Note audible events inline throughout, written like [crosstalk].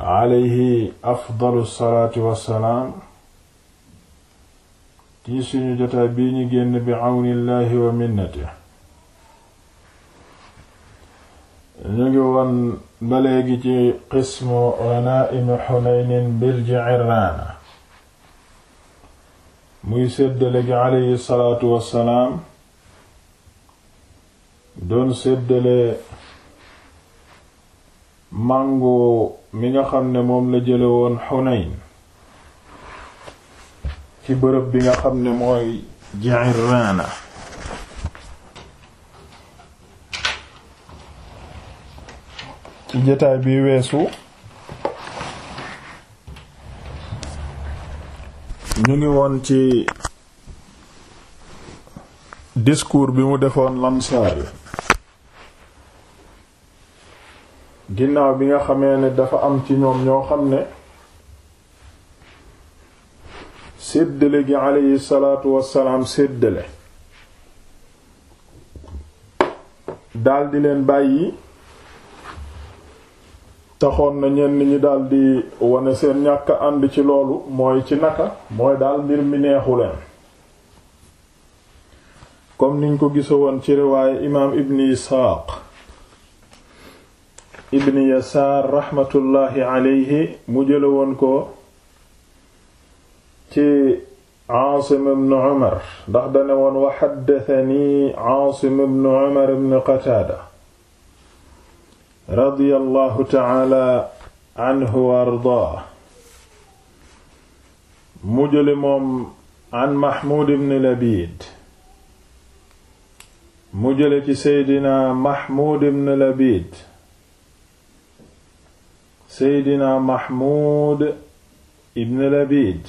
alayhi afdalu salaati wassalaam ci suñu jotaay bii ñu génn bi àwnillaahi wa minnati ñu ngi woon ba léegi ci qismu ganaa'imi Xunaynin bil Ji'irraana muy séddale gi alayhi salaatu wassalaam doon séddale màngo mi nga xam ne moom la jële woon Xunayn ci bërëb bi nga xam ne mooy Ji'irraana ci jotaay bi weesu ñu ngi woon ci discours bi mu defoon Lansaar ginnaaw bi nga xamee ne dafa am ci ñoom ñoo xam ne séddale gi aleyhi salaatu wassalaam séddale daldi leen bàyyi taxoon na ñenn ñi daldi wane seen ñàkk ànd ci loolu mooy ci naka mooy daal mbir mi neexu leen comme niñ ko gisoon ci riwaaye imaam ibni Isxaaq ibn yasaar raxmatullaahi aleyhi mu jële woon ko ci aasim ibn umar ndax dane woon wa xaddatani aasim ibn umar ibn qataada radiyallahu taala anhu wa ardaa mu jële moom an mahmud ibn labid mu jële ci seydina mahmud ibn labid seydina mahmud ibn labid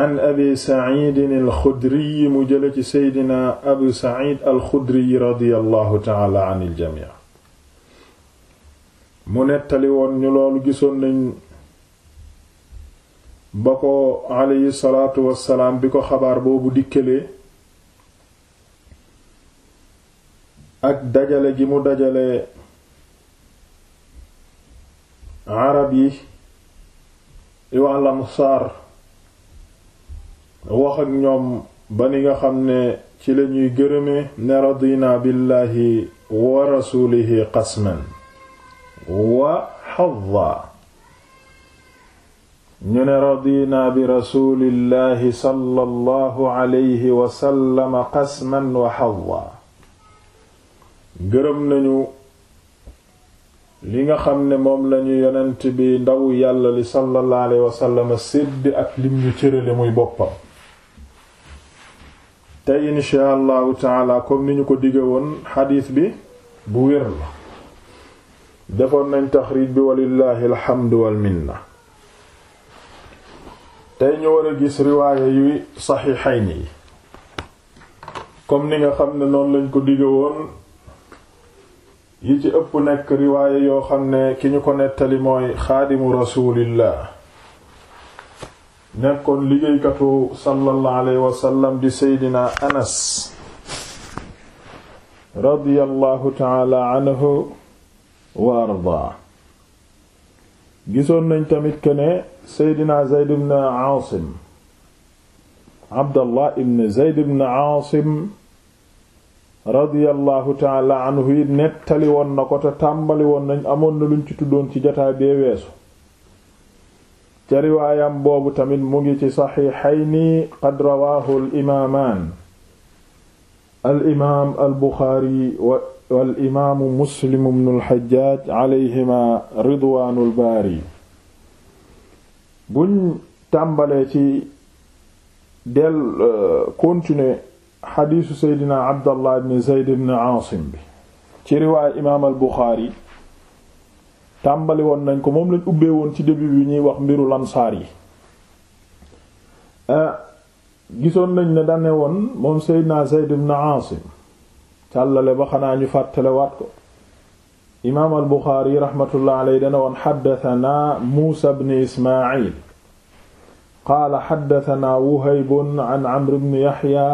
an abi sacidin alxudriyi mu jële ci seydina abu sacid alxudriyi radiallahu taala an iljamic mu nettali woon ñu loolu gisoon nañ ba ko aleyhi salaatu wassalaam xabaar boobu dikkalee ak dajale gi mu dajale arab yi wal ansaar wax ak ñoom ba ni nga xam ne ci la lañuy gërëme ne radina billahi wa rasulihi qasman wa xadda ñu ne radina bi rasulillahi sallallahu alayhi wa sallam qasman wa xadda gërëm nañu li nga xam ne moom lañu yonent bi ndaw yàlla li sallallahu alayhi wasallam sédd ak lim ñu cërale muy boppam te insha allahu taala comme ni ñu ko dige woon xadiis bi bu wér la defoon nañ taxriij bi walillahi alhamdu wal tey ñu war a gis riwaaya yuy saxiixayni yi kom ni nga xam ne noonu lañ ko dige woon yi ci ëpp nekk riwaaye yoo xam ne ki ñu ko nettali mooy xaadimu rasulillah nekkoon liggéeykatu sallallahu alayhi wasallam di seydina anas radiyallahu taala anhu wa ardaa gisoon nañ tamit ke ne seydina zayd ibn aasim abdallah ibn zayd ibn aasim radiyallahu taala anhu it nettali woon ko te tàmbali nañ amoon na luñ ci tuddoon ci jotaay bee weesu ca riwaayam boobu tamit mu ngi ci saxiixayni qad rawaahu al imaamaan al imaam al buxaari wal imaamu muslim ibnul xajjaaj alayhima ridwaanul buñ tàmbalee ci del euh, continuer xadiisu seydina abdallah ibn zeyd ibn aasim bi ci riwaay imaam al buxaari tàmbali woon nañ ko moom lañ ubbee woon ci début bi ñuy wax mbiru lansaar yi ah, gisoon nañ ne dane woon moom seydina zeyd ibn aasim càllale ba xanaa ñu fàttalewaat ko imaam al buxaari raxmatullah aley dane woon xaddatanaa muusa ibn ismaayil qaala xaddatanaa wuhaybun an amr bn yaxya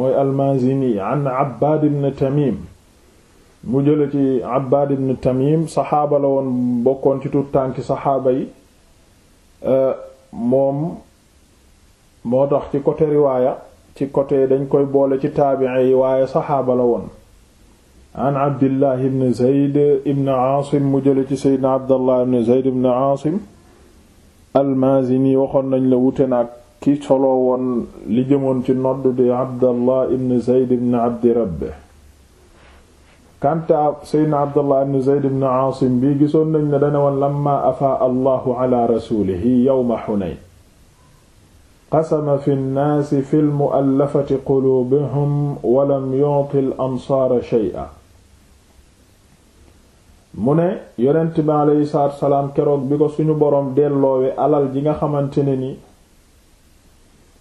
mooy almaazini an abbaad bn tamim mu jële ci abbaad bn tamim saxaaba bokkoon ci tuttànki saxaaba yi moom moo tax ci côté riwaaya ci côté dañ koy boole ci taabici yi waaye saxaaba la woon an abdillahi bn aasim mu jële ci seydna abdallah bn zayd bn aasim al-Maazini waxoon nañ la wute na ak ki soloo woon li jëmoon ci nodd di abdallah ibn zeyd ibn abdi rabbe kanta seydna abdallah ibn zeyd ibn aasim bi gisoon nañ ne dane woon lamma afaa allahu ala rasulihi yawma xunayn qasama fi nnaasi fi lmuallafati quluubuhum walam yu'ti al ansaara shay'a mu ne yonent bi aleyhi salaam keroog bi ko suñu boroom delloowe alal ji nga xamante ne ni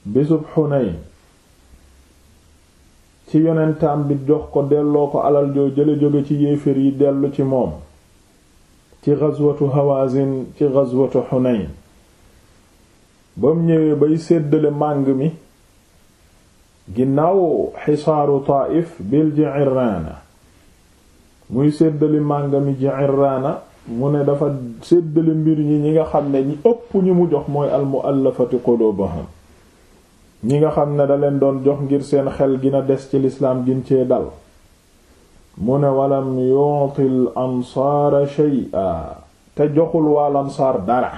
bésub Xunayn ci yonentam bi jox ko delloo ko alal joo jële jóge ci yéefér yi dellu ci moom ci gazwatu Hawazin ci gazwatu Xunayn bam ñëwee bay séddale màng mi ginnaaw xisaaru Taif bil Ji'irraana muy séddale màngami ji irraana mu ne dafa séddale mbir ñi ñi nga xam ne ëpp ñu mu jox mooy almuallafati qulubuhum ñi nga xam ne da leen doon jox ngir seen xel gina des ci lislaam gin cee dal mu ne walam yu'til ansaara shay'a te joxul waal ansaar dara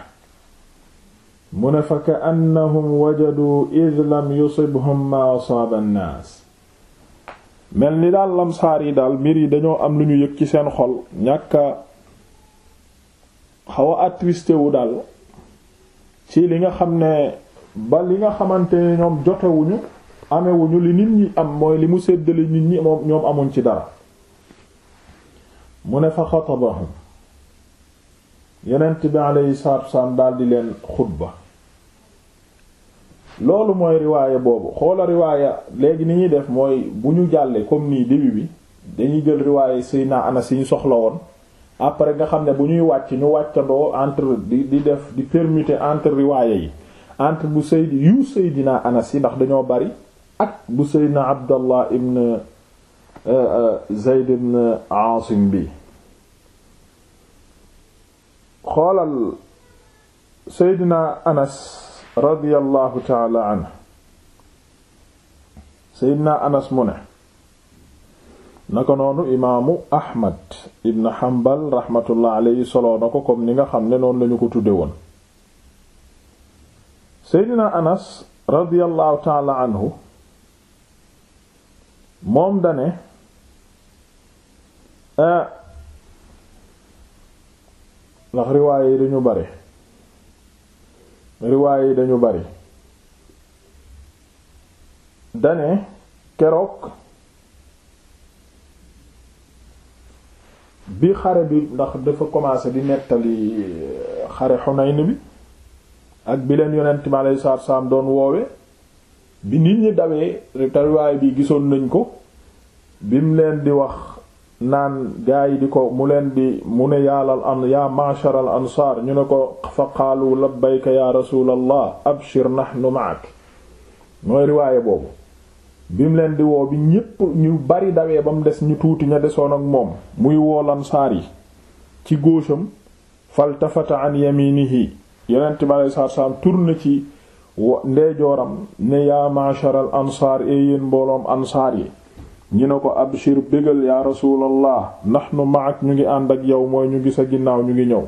mu ne fa ka annahum wajadu id lam yusibhum ma asaaba naas mel ni daal lamsaar yi daal mbir yi dañoo am lu ñu yëg ci seen xol ñàkk xaw a attristé wu daal ci li nga xam ne ba li nga xamante ñoom jotewuñu amewuñu li nit ñi am mooy li mu séddale nit ñi moom ñoom amuñ ci dara mu ne fa xatabahum yenent bi alayhi salaatu wasalaam daal di leen ba loolu mooy riwaaya boobu xoola riwaaya léegi ni ñuy def mooy bu ñu jàllee comme nii début bi dañuy jël riwaaya Seydina Anas yi ñu soxla woon après nga xam ne bu ñuy wàcc ñu wàccandoo entre di di def di permuter entre riwaaya yi entre bu Seydi yu Seydina Anas yi ndax dañoo bari ak bu Seydina Abdallah ibn euh, euh, Zayd ibn Aasim bi xoolal Seydina Anas radiyallahu taala anhu anas mu ne naka noonu imaamu ahmad ibn hanbal rahmatullah alayhi soloo ko comme ni nga xam ne noonu lañu ko tudde woon seydna anas radiyallahu taala anhu moom dane eh, ndax riwaaye yi dañu bare riwaay yi dañu bari dane keroog bi xare bi ndax dafa commencé di nettali euh, xare Xunayn bi ak bi leen ma mi alayhi salaatu doon woowe bi nit ñi dawee te bi gisoon nañ ko bim leen di wax naan gaa yi di ko mu leen di mu ne yaalal an yaa ma'shar al ansaar ñu ne ko fa qaalu labbayka ya rasuulallah abshir nahnu ma'ak mooy riwaaye boobu bi mu leen di woo bi ñépp ñu bari dawee ba mu des ñu tuuti ña desoon ak moom muy wool ansaar yi ci góosam faltafata an yaminihi yonent bi alei satu salaam turne ci ndeyjooram ne yaa ma'shar ansaar e yéen mbooloom ansaar yi ñi ne ko abshir bégal yaa rasuulallah nahnu ma'ak ñu ngi ànd ak yow mooy ñu ngi sa ginnaaw ñu ngi ñëw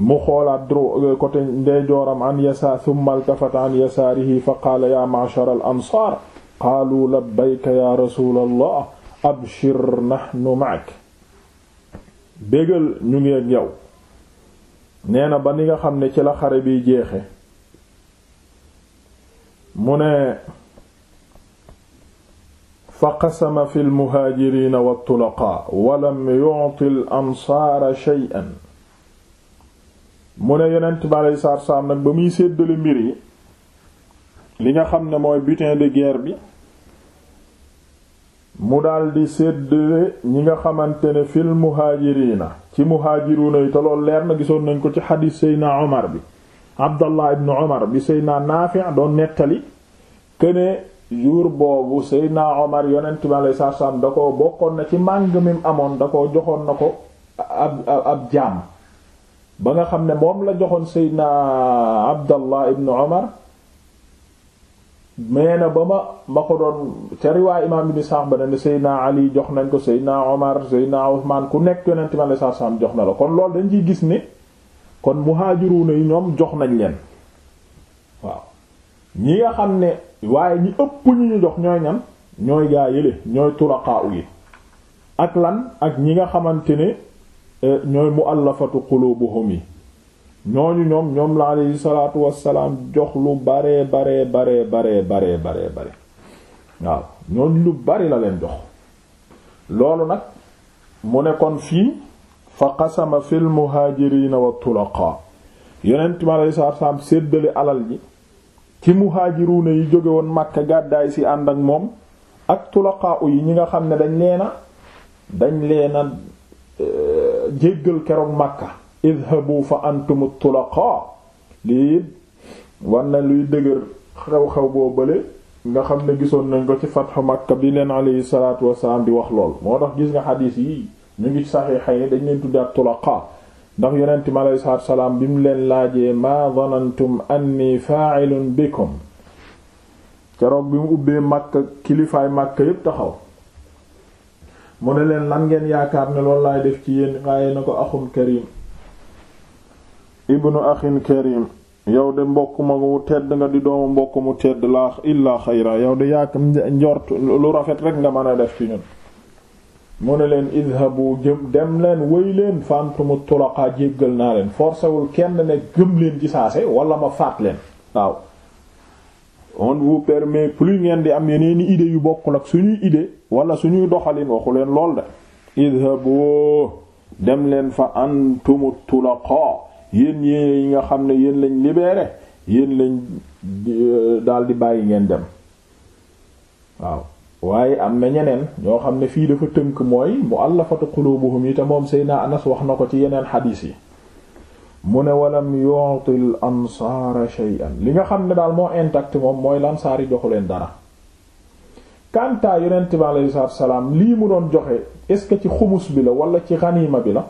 mu xoolaat dro euh, côté ndeyjooram an yasaar thumma altafata an yasaarihi fa al ansaar qaalu labbayka yaa rasuulallah abshir nahnu ma'ak bégal ñu ngi ak yow nee na ba ni nga xam ne ci la xare bi jeexe mu ne fa qasama fi lmuhaajiriina waltulaqaa walam yuti l ansaara shay'an mu ne yonent bi nag ba muy séddale mbir yi li nga xam ne mooy butin de guerre bi mu daldi séddale ñi nga xamante ne fil muhaajiriina ci muhaajiruuna yi te loolu leer na gisoon nañ ko ci xadiis seydna omar bi abdallah ibn omar bi seydna naafi doon nettali këne jour boobu Seydina Omar yonent mi alayhi salaatu salaam da ko bokkoon na ci màng mi amoon da ko joxoon na ko ab ab jaam ba nga xam ne moom la joxoon naa Abdallah ibn Omar mee na ba ma ma ko doon ca riwaay imaam ibn Sa'd ba ne Seydina Ali jox nañ ko Seydina Omar Seydina Usmaan ku nekk yonent mi alayhi salaatu salaam jox na la kon loolu dañ ci gis ni kon muhaajiruuna yi ñoom jox nañ leen ñi nga xam ne waaye ñi ëpp ñu ñu jox ñooy ñan ñooy gaa yële ñooy turaqaa yi ak lan ak ñi nga xamante ne eh, ñooy muallafatu qulubuhum yi ñooñu ñoom ñoom la alayhi salaatu wassalaam jox lu baree bare bare baree baree baree bare waaw ñooñu lu bari la leen jox loolu nag mu ne kon fii fa qasama fil muhaajiriina wa tulaqa yonent mi alayhi salaatu wassalaam alal ji ci muhaajiruuna yi jóge woon Makka gàddaay si ànd ak moom ak tulaqaa yi ñi nga xam ne dañ leena dañ leena eh, jéggal keroog Makka idhabu fa antum tulaqaa lii war na luy dëgër xew-xew boobale nga xam ne gisoon nañ ko ci fatxu Makka bi leen alayhi salaatu wasalaam di wax lool moo tax gis nga xadiis yi ñu ngi saxiixa yi dañ leen tudde ak tulaqaa ndax yonent mi aleyhi salaatu salaam bi mu leen laajee maa dhanantum anni fa'ilun bikum keroog bi mu ubbee Makka kilifaay makk yépp taxaw mu ne leen lan ngeen yaakaar ne lool laay def ci yéen waaye na ko axun karim ibnu axin karim yow de mbokk ma mu tedd nga di doomu mbokk mu tedd laa illaa xayra yow de yaak njort lu rafet rek nga mën a def ci ñun mu ne leen bu jëm dem leen wéy leen fantumu tulaqa jéggal naa leen forcéwul kenn ne gëm leen ci saase wala ma faat leen waaw on vous plus ngeen di am yeneeni idées yu bokkul ak suñuy idée wala suñuy doxalin waxu leen lool de idhabu dem leen fa antumu tulaqa yéen yi nga xam ne yéen lañ libéré yéen lañ euh, daal di bàyyi ngeen dem waaw waaye am na ñeneen ñoo xam ne fii dafa tënk mooy mu mu'allafatu qulubuhum yi te moom Seydina Anas wax na ko ci yeneen xadiis yi mu ne walam yu'til ansaara shay'an li nga xam ne daal moo intact moom mooy lansaar yi joxu leen dara kantaa yonent bi alayhi salaam lii mu doon joxe est-ce que ci xumus bi la wala ci xaniima bi la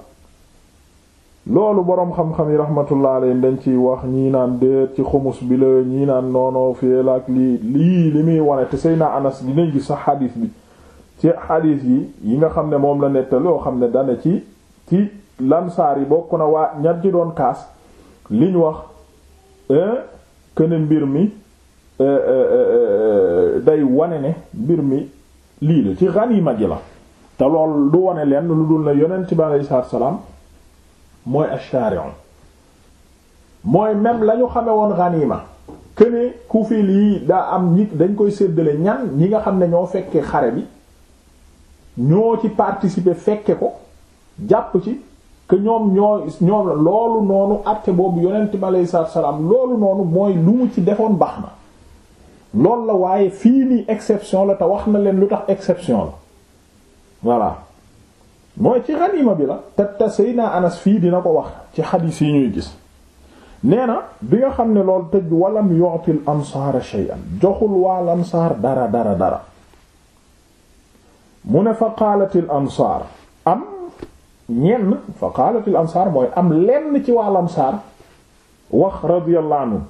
loolu boroom xam-xam yi rahmatullah alayhi dañ ciy wax ñii naan déet ci xumus bi la ñii naan noonoo fii la ak lii lii li muy wane te Seydina Anas dinañ gis sa xadiis bi ci xadiis yi yi nga xam ne moom la nettal yoo xam ne dana ci ci lansaar yi bokk na waa ñat ci doon kaas liñ wax këne mbir mi euh, euh, euh, day wane ne mbir mi lii la ci xaniima gi la te lool du wane leen lu dul na yonent bi alayhi salaam mooy ash-shari'u mooy même lañu ñu xame woon ganima këne ku fi lii daa am ñi dañ koy séddale ñan ñi nga xam ne ñoo fekkee xare bi ñoo ci participer fekke ko jàpp ci que ñoom ñoo ñoom la loolu noonu àtte boobu yonent bi aleyhi salaam loolu noonu mooy lu mu ci defoon baax na loolu la waaye fii nii exception la te wax na leen lu tax exception la voilà mooy ci xaniima bi la te te Seydina Anas fii dina ko wax ci xadiis yi ñuy gis nee na bi nga xam ne lool tëj walam yu'til ansaara shay'an joxul waal ansaar dara dara ne fa qaalatil am ñenn fa qaalatil ansaar mooy am lenn ci waal ansaar wax radiyallahu anhu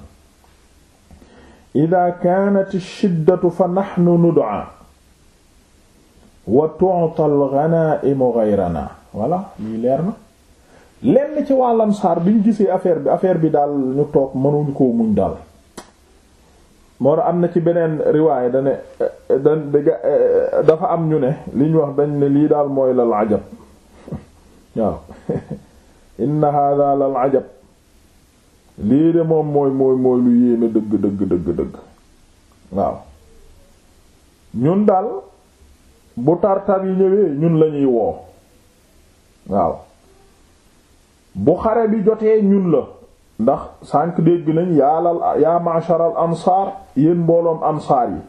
idaa kaanat ash-shiddatu fa nahnu nud'a wa tu'tal ghana'imu ghayrana voilà lii leer na lenn ci waa Ansaar bi ñu gisee affaire bi affaire bi daal ñu toog mënuñu koo muñ daal moo am na ci beneen riwaay da ne dafa am ñu ne li wax dañ ne lii daal mooy lal ajab [laughs] waaw [laughs] inna hada lal ajab lii de moom mooy mooy mooy lu yéeme dëgg dëgg dëgg dëgg waaw ñun daal bu tartar yi ñëwee ñun lañuy woo waaw bu xare bi jotee ñun la ndax sànq dégg nañ yaalal yaa masharal ansaar yéen mbooloom ansaar yi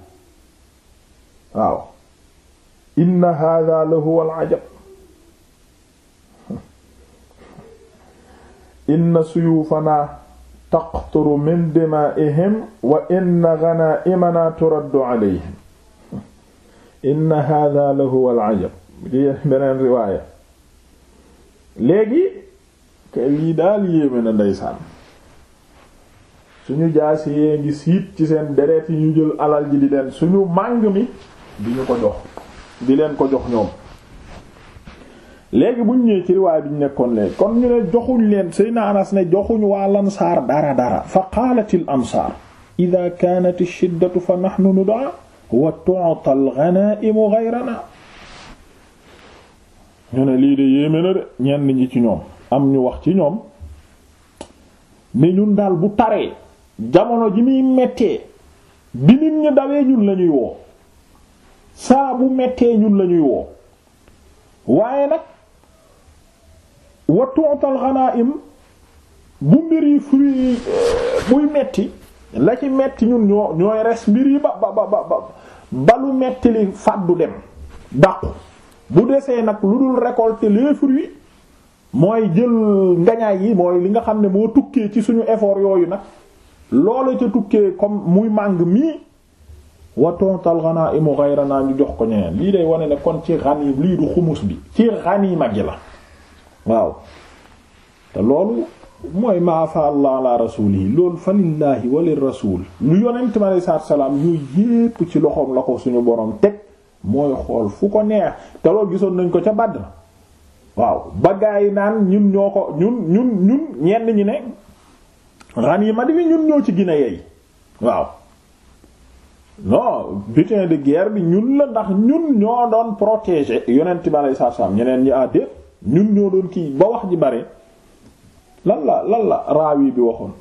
waaw inna hadha la huwa al ajab inna suyuufanaa taqturu min dimaa'ihim wa inna ghanaa'imana turaddu alayhim inna hada la huwa al-ajab ci daal yéeme na ndeysaan suñu jaas yee ngi siit ci seen deret yi ñu jël alal ji di leen suñu màng mi di ñu ko jox di leen ko jox ñoom léegi bu ñëwee ci riwaay ñu nekkoon léegi kon ñu ne joxuñ leen Seydina Anas ne joxuñ waa lansaar dara dara fa qaalat al ansaar ida kaanat ash-shiddatu fa nahnu nud'a wa tu'ta al ghayrana ñu ne lii de yéeme na de ñenn ñi ci ñoom am ñu wax ci ñoom ne ñun daal bu taree jamono ji muy mettee bi nit ñi dawee ñun lañuy woo saa bu mettee ñun lañuy woo waaye nag wa tu'ta al bu mbir yi fruit euh, buy metti la ci metti ñun ñoo ñooy res mbir yi ba ba ba ba ba lu metti li fàddu dem dàqu bu desee nag lu dul récolter les fruits mooy jël ngañaay yi mooy li nga xam ne moo tukkee ci suñu effort yooyu nag loolu ca tukkee comme muy màng mii wa tontal ghanaimu ghayrana ñu jox ko ñeneen lii day wane ne kon ci ghanim lii du xumus bi ci ghanima gi la waaw te loolu mooy maafa allah ala rasuuli loolu fa lillaahi walil rasuul lu yonent bi alei salaam yooyu yépp ci loxoom la ko suñu boroom teg mooy xool fu ko neex te loolu gisoon nañ ko ca Badr waaw ba yi naan ñun ñoo ko ñun ñun ñun ñenn ñi ne ganima bi ñun ñoo ci gina yey waaw non butin de guerre bi ñun la ndax ñun ñoo doon protéger yonent bi alei salaam ñeneen ñi àddee ah, ñun ñoo doon kii ba wax ji bare lan la lan la raawi bi waxoon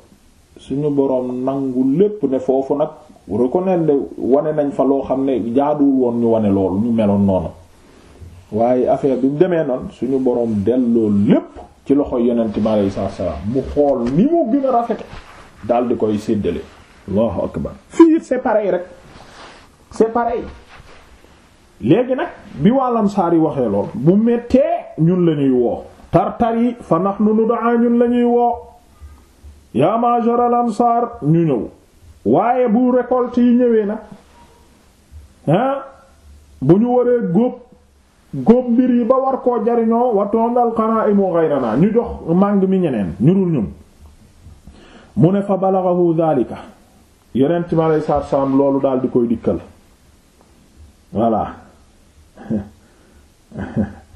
suñu boroom nangu lépp ne foofu nag reconnaître de wane nañ fa loo xam ne jaaduwul woon ñu wane loolu ñu meloon noonu waaye affaire bi demee noonu suñu boroom delloo lépp ci loxo yonent bi aleyhi salaatu salaam mu xool ni mu gën a rafete daal di koy séddale allahu akbar fii c'est pareil rek c'est pareil léegi nag bi waa Ansaar yi waxee lool bu mettee ñun lañuy woo tartar yi fa nahnu nud'a ñun la ñuy woo yaa ma'shar al ansar ñu ñëw waaye bu récolte yi ñëwee nag ah bu ñu waree góob góob mbir yi ba war koo jariñoo watoon al qana'imu ghayrana ñu jox màng mi ñeneen ñu dul ñun mu ne fa balaghahu dhalika loolu daal di koy dikkal voilà [laughs]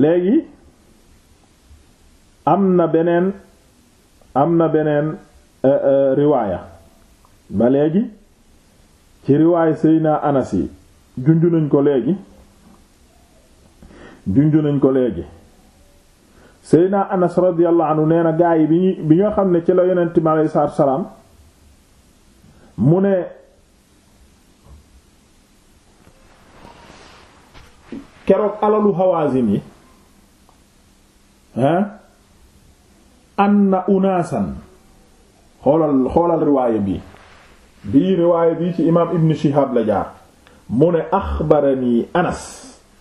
léegi am na beneen am na beneen euh, euh, riwaaya ba léegi ci riwaaya Seydina Anas yi junju nañ ko léegi junju nañ ko léegi Seydina Anas radiyallahu anhu nee na bi ñu bi nga xam ne ci la yonent mi salaam mu ne keroog alalu Hawazin yi anna unaasan xoolal xoolal riwaaya bi bii riwaaya bi ci imaam ibn Shihab la jaar mu ne axbarani anas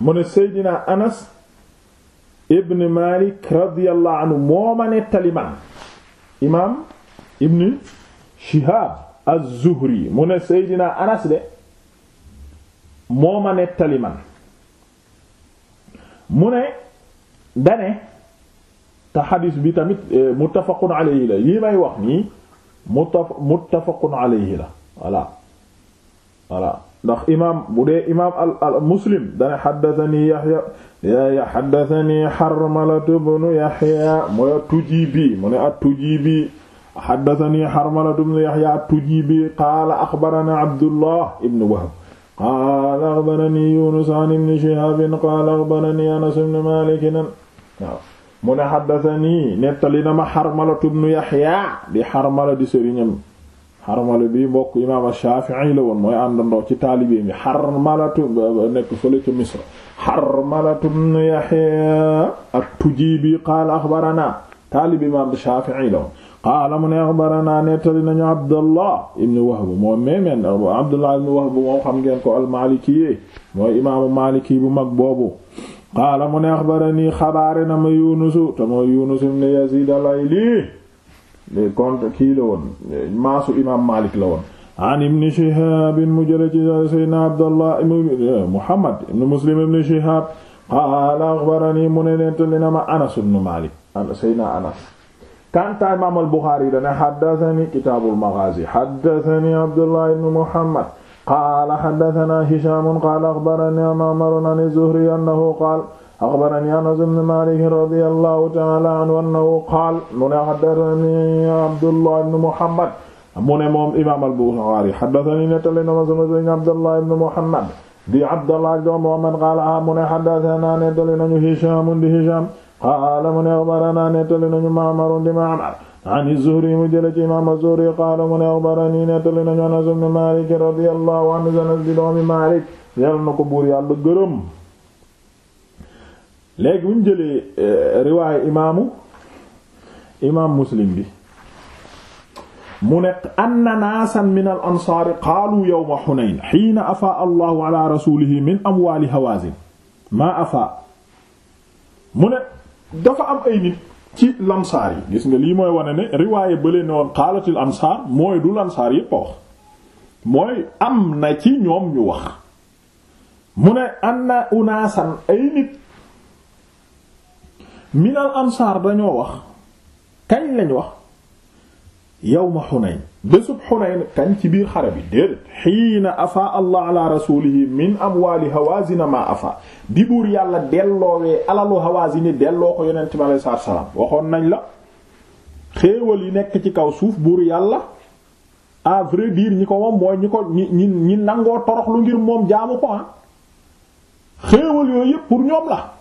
mu ne seydina anas ibn Malik radiyallahu anhu moo ma nettali man imaam ibn Shihab az-Zuhri mu ne seydina anas de moo ma nettali man mu ne dane te xadis bi tamit eh, muttafaqun alayhi la yi may wax nii muttafaqun alayhi la voilà voilà ndax imaam bu dee imaam al al muslim dana xaddatani yaxya ya xaddatani xarmalatu bnu yaxya mooy at-tujibi mu ne at-tujibi xaddatani xarmalatu bnu yaxya at-tujibi qaala axbarana abdullah ibn wahb qaala axbarani yunus an ibn shihaab qaala axbarani anas ibn maalik waaw mu ne xaddatani nettali na ma xarmalatu bnu yaxya di xarmala di sëriñam xarmala bi mbokk imaam Shaafi'i la woon mooy àndandoo ci taalibe bi xarmalatu nekk fële ca Misra xarmalatu bnu yaxya at-Tujiibi a axbaranaa taalibe imaam Shaafi'i la woon qaala mu ne axbaranaa nettali nañu Abdallah ibn Wahb moom meemeen Abdallah ibn Wahb ngeen ko al-Maaliki mooy bu mag boobu qaala mu ne axbarani xabaare na ma yunusu te mooy yunus ibn yazid al-ayli de compte kii la woon maasu imam malik la woon an ibn shihab mu jële ci seydna abdallah muhammad ibn muslim ibn shihab qaala axbarani mu ne nettali na ma anas ibn malik seydna anas kanta imaam al-buxaari dana haddathani kitaabul maghaazi haddathani abdullah ibn muhammad qaala haddasanaa Hishaam qaala axbaranii Ma'mar an az-Zuhri annahu qaala axbaranii Anas ibn Maalik radiyallaahu ta'aalaa anhu annahu qaala mu ne haddathanii Abdullah ibn Muhammad mu ne moom imaam al-Buxaari haddathanii nettali na ma sama sëriñ Abdullah ibn Muhammad di Abdullah ibn Muhammad qaala mu ne haddathana nettali nañu Hishaam di Hishaam qaala mu ne axbaranaa nettali nañu Ma'mar di Ma'mar an Zuhri mu jële ci imaam Zuhri qaala mu ne axbarani nettali nañu Anas ibn Maalik radiyallahu anhu Anas di doomi Maalik yal na ko buur yàlla gërëm léegi bu ñu jëlee eh, riwaayu imaamu imaam Muslim bi mu ne anna naasan min al ansaari qaalu yawma Hunayn hiina afaa Allahu ala rasuulihi min amwaali Hawaazin maa afaa mu ne dafa am ay nit ci lamsaar yi gis nga lii mooy wane ne riwaaye bële ne woon xaalatil ansaar mooy du lamsaar yépp wax mooy am na ci ñoom ñu wax mu ne anna unaasan ay nit minal ansaar dañoo wax kañ lañu wax yawma Hunayn bésub Hunayn kañ ci biir xare bi déedéet xiina afa allah ala rasulihi min amwaali hawazina ma afa bi buur yàlla delloowee alalu hawazini delloo ko yonente bi alei waxoon nañ la xéewal yi nekk ci kaw suuf buur yàlla à vrai dire ñi ko moom ñi ko ñi ñi nangoo torox lu ngir moom jaamu ko ah xéewal yooyu yépp ñoom la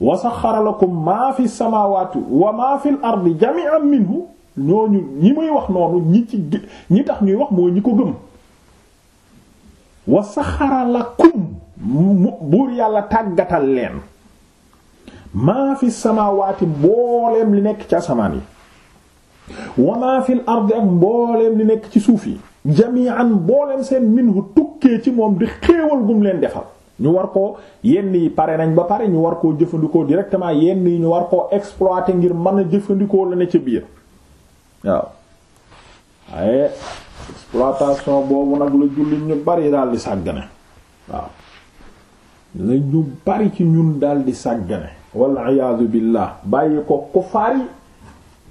wa saxxara lakum maa fi samaawaati wa maa fil ardi jami'an minhu ñooñu ñi muy wax noonu ñi tax ñuy wax mooy ñi ko gëm wa saxara lakum buur yàlla tàggatal leen maa fi samaawaati mbooleem li nekk ci asamaan yi wa maa fil ardi ak mbooleem li nekk ci suuf yi jami'an mbooleem seen minhu tukkee ci moom di xéewal gum leen defal ñu war koo yenn yi pare nañ ba pare ñu war koo jëfandikoo directement yenn yi ñu war koo exploiter ngir mën a jëfandikoo la ne ca biir waaw waaye exploitation boobu nag la jullit ñu bari daal sàggane waaw la ñu bari ci ñun daal di sàggane walla iyaazu billaah bàyyi ko kufaar yi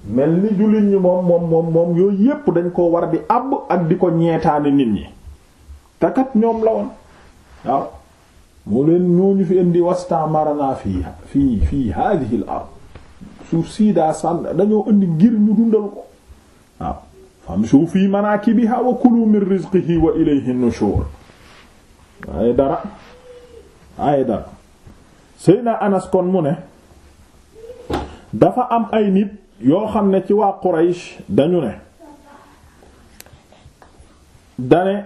mel ni jullit ñi moom moom moom yooyu yépp dañ ko war di àbb ak di ko ñeetaani nit ñi takat ñoom la woon waaw moo leen ñoo ñu fi indi wastaamarana fii fii fii haadihi al ard suuf sii sànn dañoo indi ngir ñu dundal ko waaw famshu fi manakibiha wa kulu min rizqihi wa ilayhi nushur waaye dara waaye dara Seydina Anas kon mu ne dafa am ay nit yoo xam ne ci waa Quraysh dañu ne dane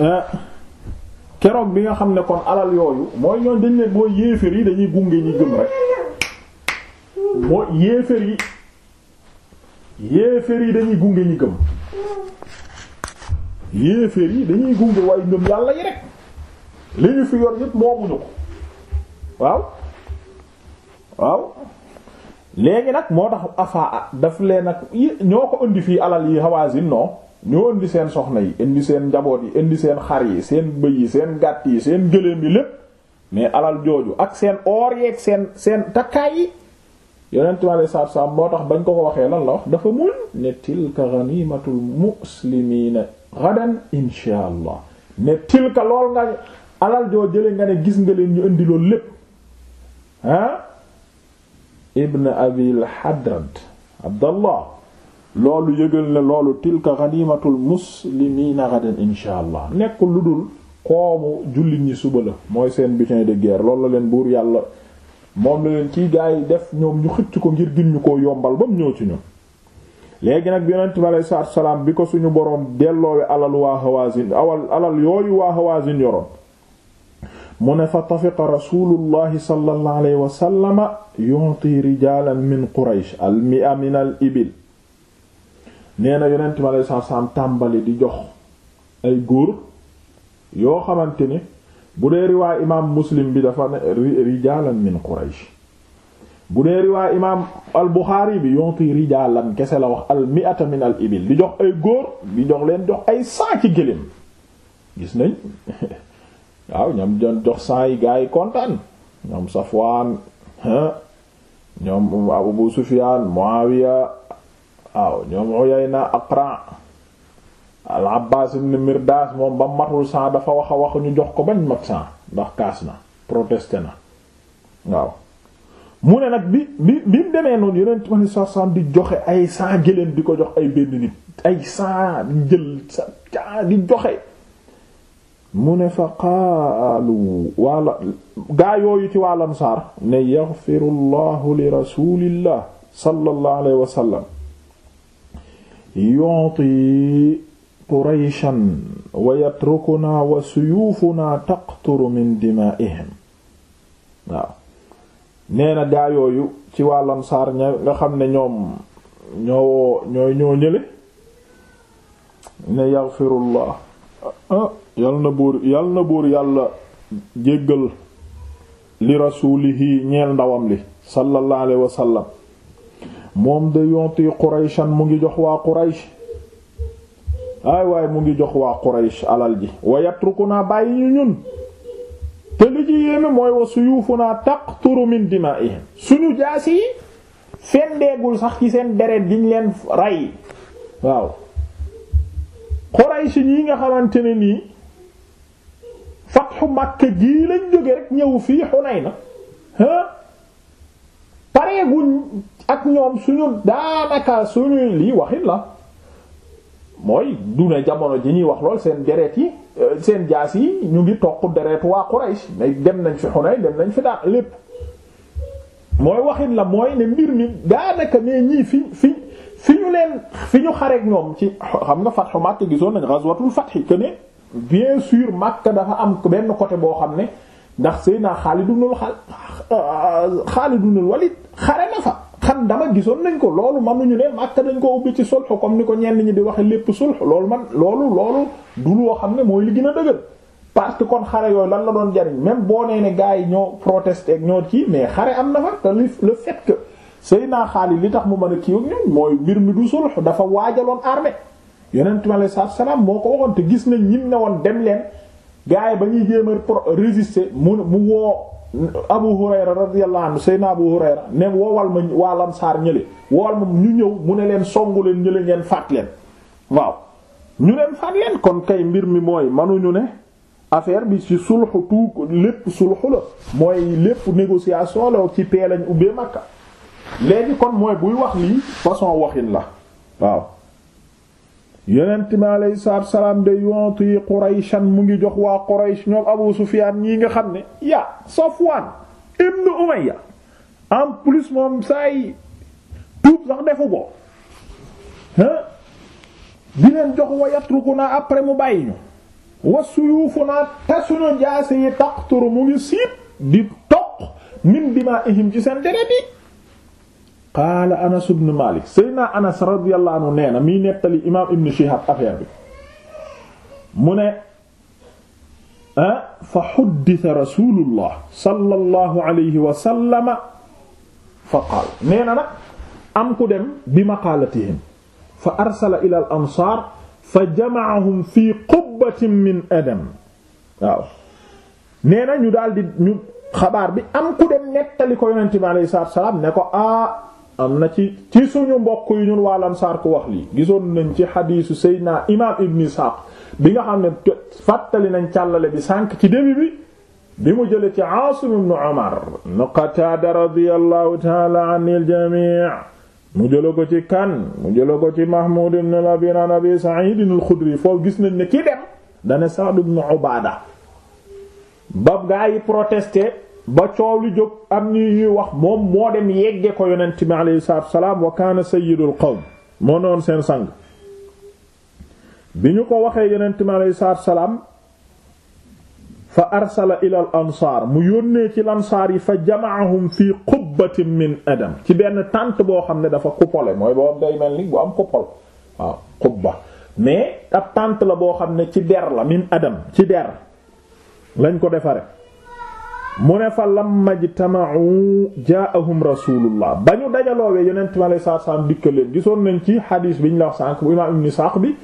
eh, keroog bi nga xam ne kon alal yooyu mooy ñoon dañ ne boo yéefér yi dañuy gunge ñi gëm rek moo yéefér yi yéeféer yi dañuy gunge ñi gëm yéeféer yi dañuy gunge waaye ngëm yàlla yi rek li ñu fi yor yépp moomuñu ko waaw waaw léegi nag moo tax afaa daf leen ak ñoo ko indi fii alal yi Hawazin noo ñoo indi seen soxna yi indi seen njaboot yi indi seen xar yi seen bëy yi seen gàtt yi seen gëléem yi lépp mais alal jooju ak seen oor yeeg seen seen takkaay yi yonent mi aleyhi salaatu salaam moo tax bañ ko ko waxee lan la wax dafa mun ne tilka ganimatul muslimiina gadan insha allah ne tilka lool nga alal joo jële nga ne gis nga leen ñu indi loolu lépp ah ibn abil hadrad abdallah loolu yëgal ne loolu tilka ganimatul muslimiina gadan insha allah nekkul lu dul xoomu jullit ñi suba la mooy seen butin de ger loolu la leen buur yàlla moom la leen kii yi def ñoom ñu xëcc ko ngir gin ñu koo yombal ba mu ñëw ci ñun nag yonent bi aleyhi salaatu salaam bi ko suñu boroom delloowe alal waa Hawaazin awal alal yooyu waa Hawaazin yoroon mu ne fa tafiqa rasulullahi sallallahu alayhi wa sallama yu'ti min Quraysh al mi'a min al ibil nee na yonent bi aleyhi salaatu salaam tàmbali di jox ay góor yoo xamante ni bu dee riwaay imaam muslim bi dafa ne rijaalan min quraysh bu dee riwaay imaam al buxaari bi yonti rijaalan kese la wax al mi'ata min al ibil di jox ay góor di jox leen jox ay saa ci gëléem gis nañ [laughs] waaw ñoom jox saa yi gaa yi kontaan ñoom safwaan ñoom abu sufiyaan muawiya waaw ñoom uyayna aqra al Abbaas ibn Mirdaas moom ba matul cent dafa wax a wax ñu jox ko bañ mat saa ndax kaas na protesté na waaw mu ne nag bi bi bi mu demee noonu yeneen ma ni sarsam di joxe ay cent géléem di ko jox ay benn nit ay cent jël di joxe mu ne fa qaalu gaa yooyu ci wàllan saar ne yaxfiru llahu li rasulillah sallallahu alayhi wa sallam yonti qurayshan wa yatrukuna wa suyuufuna taqturu min dimaa'ihim waaw nee na gaa yooyu ci waa Ansaar ña nga xam ne ñoom ñoo ñooy ñoo ñële ne yaghfirullah ah, yal na buur yal na buur yàlla jéggal li rasuulihi ñeel ndawam li sallallahu alayhi wa moom de yonti qurayshan mu ngi jox waa quraysh ay waaye mu ngi jox waa Quraysh alal ji wa yatrukuna bàyyi ñu ñun te li ci mooy wa suyufuna taqturu min dima'ihim suñu jaasi yi fendeegul sax ci seen deret diñ leen rey waaw Quraysh ñi nga xamante ne nii fatxu Makka gii lañ jóge rek ñëw fii na ha pareeguñ ak ñoom suñu daanaka suñuy lii waxit la mooy duna jamono ji ñuy wax lool seen dereet yi euh, seen jaas yi ñu ngi toq deret waa Quraysh mais dem nañ fi Hunayn dem nañ fi daal lépp mooy waxin la mooy ne mbir mi daanaka ne ñii fi fi fi ñu leen fi ñu xareek ñoom ci xam nga fatxu Makka gisoon nañ ghazwatul fathi que ne bien sûr Makka dafa am benn côté boo xam ne ndax Seydina Xaalid ibnul Xaalid ibnul Walid xare na fa xandama gisoon nañ ko loolu mënuñu ne Makka dañ ko ubbi ci sulx comme ni ko ñenn ñi di waxe lépp sulx loolu man loolu loolu du loo xam ne mooy li gën a dëgër parce que kon xare yooyu lan la doon jariñ même boo nee ne gars yi ñoo protest ak ñoo kii mais xare am na fa te le fait que Seydina Xaalid li tax mu mën a kii ak ñun mooy mbir mi du sulx dafa waajaloon armée yonent mi alayhi salaatu salaam moo ko waxoon te gis nañ ñim ne woon dem leen gars yi ba ñuy jéem a résister mu mu woo. Abu Hurayra radiyallahu anhu Seydina Abu Hurayra ne woowal ma waa Lansaar ñële woowal ma ñu ñëw mu ne leen songu leen ñële ngeen faat leen waaw ñu leen faat leen kon kay mbir mi mooy manuñu ne affaire bi ci sulxu tout lépp sulxu la mooy lépp négociation la ci paix lañ ubbee Makka léegi kon mooy buy wax lii façon waxin la waaw yonent mi alayhi salaatu salaam de yonti Qurayshan mu ngi jox waa Quraysh ñoom Abu Sufyaan ñii nga xam ne yaa Safwaan ibnu Umayya en plus moom saay tuub sax defu ko hein di leen jox wa yatrukuna après mu bàyyi ñu wa suyuufunaa te suñu jaase yi taqturu mu ngi siit di toq min dimaa'ihim ci seen deret yi qaala anas ibn malik seydna anas radiyallahu anhu nee na miy nettali imaam ibn shihab affaire bi mu ne ah, fa xuddita rasulullah sallallahu alayhi wa sallama fa qaal nee na nag am ku dem bi maqaalatihim fa arsala ila al ansaar fa jama'ahum fi qubbatin min adam waaw nee na ñu daal di ñu xabaar bi am ku dem nettali ko yonente bi alayhi salaatu wa salaam ne ko a ah, am na ci suñu mbokk yi ñun waa Ansaar ku wax gisoon nañ ci xadiisu Seydina imaam Ibn Ishaq bi nga xam ne fàttali nañ càllale bi sànq ci début bi bi mu jële ci Aasim ibn Umar ibn Qataada radiyallahu ta'ala anil jamii mu jële ko ci kan mu jële ko ci Mahmud ibn Labiid an Abi Sa'iid al-Xudri foofu gis nañ ne ki dem dane Sa'd Ubaada ba gaa yi protesté ba coow lu jóg am ni ñuy wax moom moo dem yegge ko yonent bi alayhi salaatu wa kaana sayyidul qawm moo noon seen sang bi ñu ko waxee yonent bi alayhi salaam wasalaam fa arsala ila ansaar mu yónnee ci lansaar yi fa jamaahum fii qubbatin min adam ci benn tànt boo xam ne dafa coupole mooy boo am day mel ni bu am coupole waaw qubba mais ab tànt la boo xam ne ci der la min adam ci der lañ ko defare mu ne fa lamma jtamau jaahum rasulullah ba ñu dajaloowee yonent mi alei saatu salaam dikka leen gisoon nañ ci xadiis bi ñu la wax sànq bu imaam ibn Sa'd bi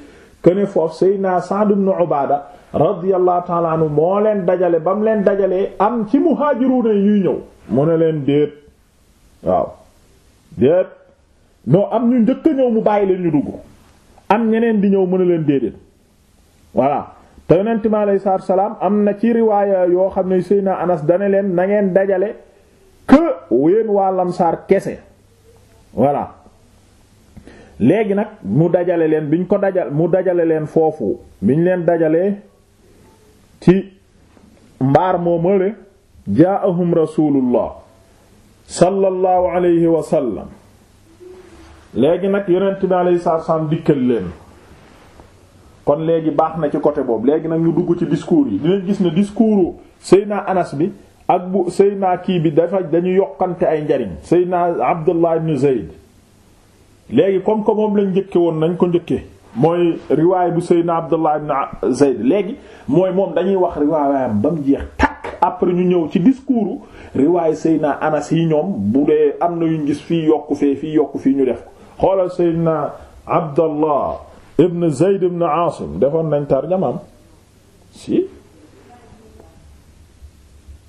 kene foofu Seydina Sa'd ibn Ubaada radiyallahu ta'ala anhu moo leen dajale ba mu leen dajalee am ci mu muhaajiruuna ñuy ñëw mu ne leen déet waaw déet non am ñu njëkk ñëw mu bàyyi leen ñu dugg am ñeneen di ñëw mu ne leen déedéet voilà te yonent mi alayhi salaatu salaam am na ci riwaaya yoo xam ne Seydina Anas dane leen na ngeen dajale que yéen waa Lamsaar kese voilà léegi nag mu dajale leen biñ ko dajal mu dajale leen foofu biñ leen dajale ci mbaar moomale jaa'ahum rasulullah sallallahu alayhi wa sallam léegi nag yonent mi alayhi salaatu salaam dikkal leen kon léegi baax na ci côté boobu léegi nag ñu dugg ci discours yi dinañ gis ne discours Seydina Anas bi ak bu Seydina kii bi dafa dañu yokkante ay njariñ Seydina Abdullah ibn Zayd léegi comme que moom lañ njëkkee woon nañ ko njëkke mooy riwaay bu Seydina Abdullah ibn Zayd léegi mooy moom dañuy wax riwaayam ba mu jeex takk après ñu ñëw ci discours riwaay Seydina Anas yi ñoom bu dee am na yuñ gis fii yokku fee fii yokku fii ñu def ko xoolal Seydina Abdullah ibn Zayd ibn Asim defoon nañ tarjamaam si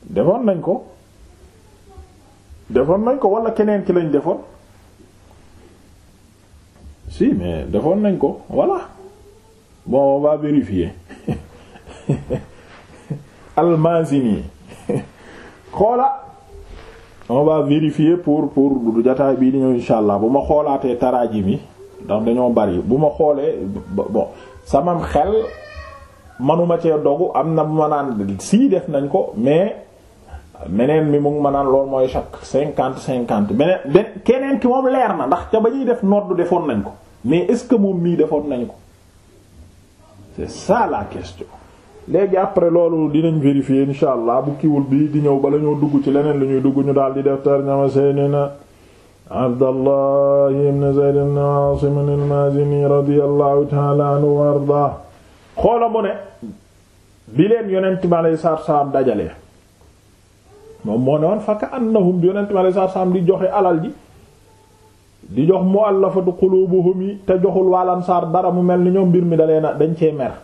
defoon nañ ko defoon nañ ko wala keneen ki lañ defoon si mais defoon nañ ko walla bon on va vérifier [laughs] al xoola on va vérifier pour pour jataay bii ni ñëw insha bu ma xoolaatee taraaji mi ndax dañoo bari bu ma xoolee bon samam xel manuma cee dogu am na bu ma naan sii def nañ ko mais meneen mi mu ngi ma naan loolu mooy chaque cinquante cinquante beneen ben keneen ki moom leer na ndax ca ba ñuy def nodd defoon nañ ko mais est-ce que moom mii defoon nañ ko c'est ça la question léegi après loolu dinañ vérifier insha allah bu kiwul bii di ñëw bala ñoo dugg ci leneen lu ñuy dugg ñu daal di def ter ñama seeni na Abdallah ibn Zayd ibn Aasim al-Maazini radiyallahu ta'ala wa ardaa xoola mu ne bi leen yonent bi alayhi salaatu wa salaam dajale moom moo ne woon fa ka'annahum bi yonent bi alayhi salaatu wa di joxe alal ji di jox mu'allafatu quluubuhum yi te joxul waa Ansaar dara mu mel ni ñoom mbir mi dalee na dañ cee mer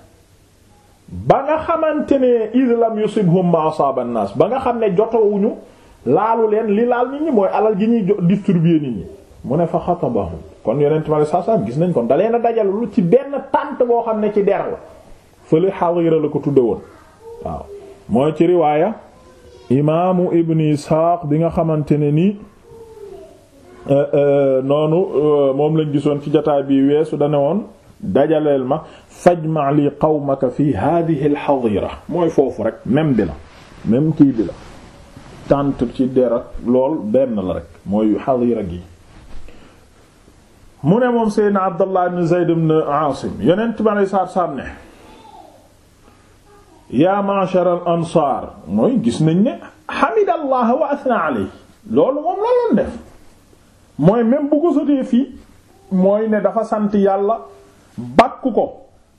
ba nga xamante ne iz lam yusibhum ma asaaba naas ba nga xam ne jotowuñu laalu leen li laal nit ñi mooy alal ji ñuy distribuer nit ñi mu ne fa xatabahum kon yonent ma saa saa gis nañ kon dalee na dajal ci benn tànt boo xam ne ci der la fële xawira la ko tudde woon waaw mooy ci riwaaya imaamu ibn Isxaaq bi nga xamante ne nii euh, euh, noonu euh, moom lañ gisoon ci jataay bi weesu dane woon dajaleel ma fajma li qawmaka fi hadihi al xadira mooy foofu rek même bi la même kii bi la tànt ci der lool benn la rek mooy xadira gi mu ne moom seydna abdallah ibn zayd ibn aasim yonent ba ne saar saar ne yaa ma'shar al mooy gis nañ ne xamidallah wa asna alayhi loolu moom la doon mooy même bu ko sotee fii mooy ne dafa sant yàlla bàkk ko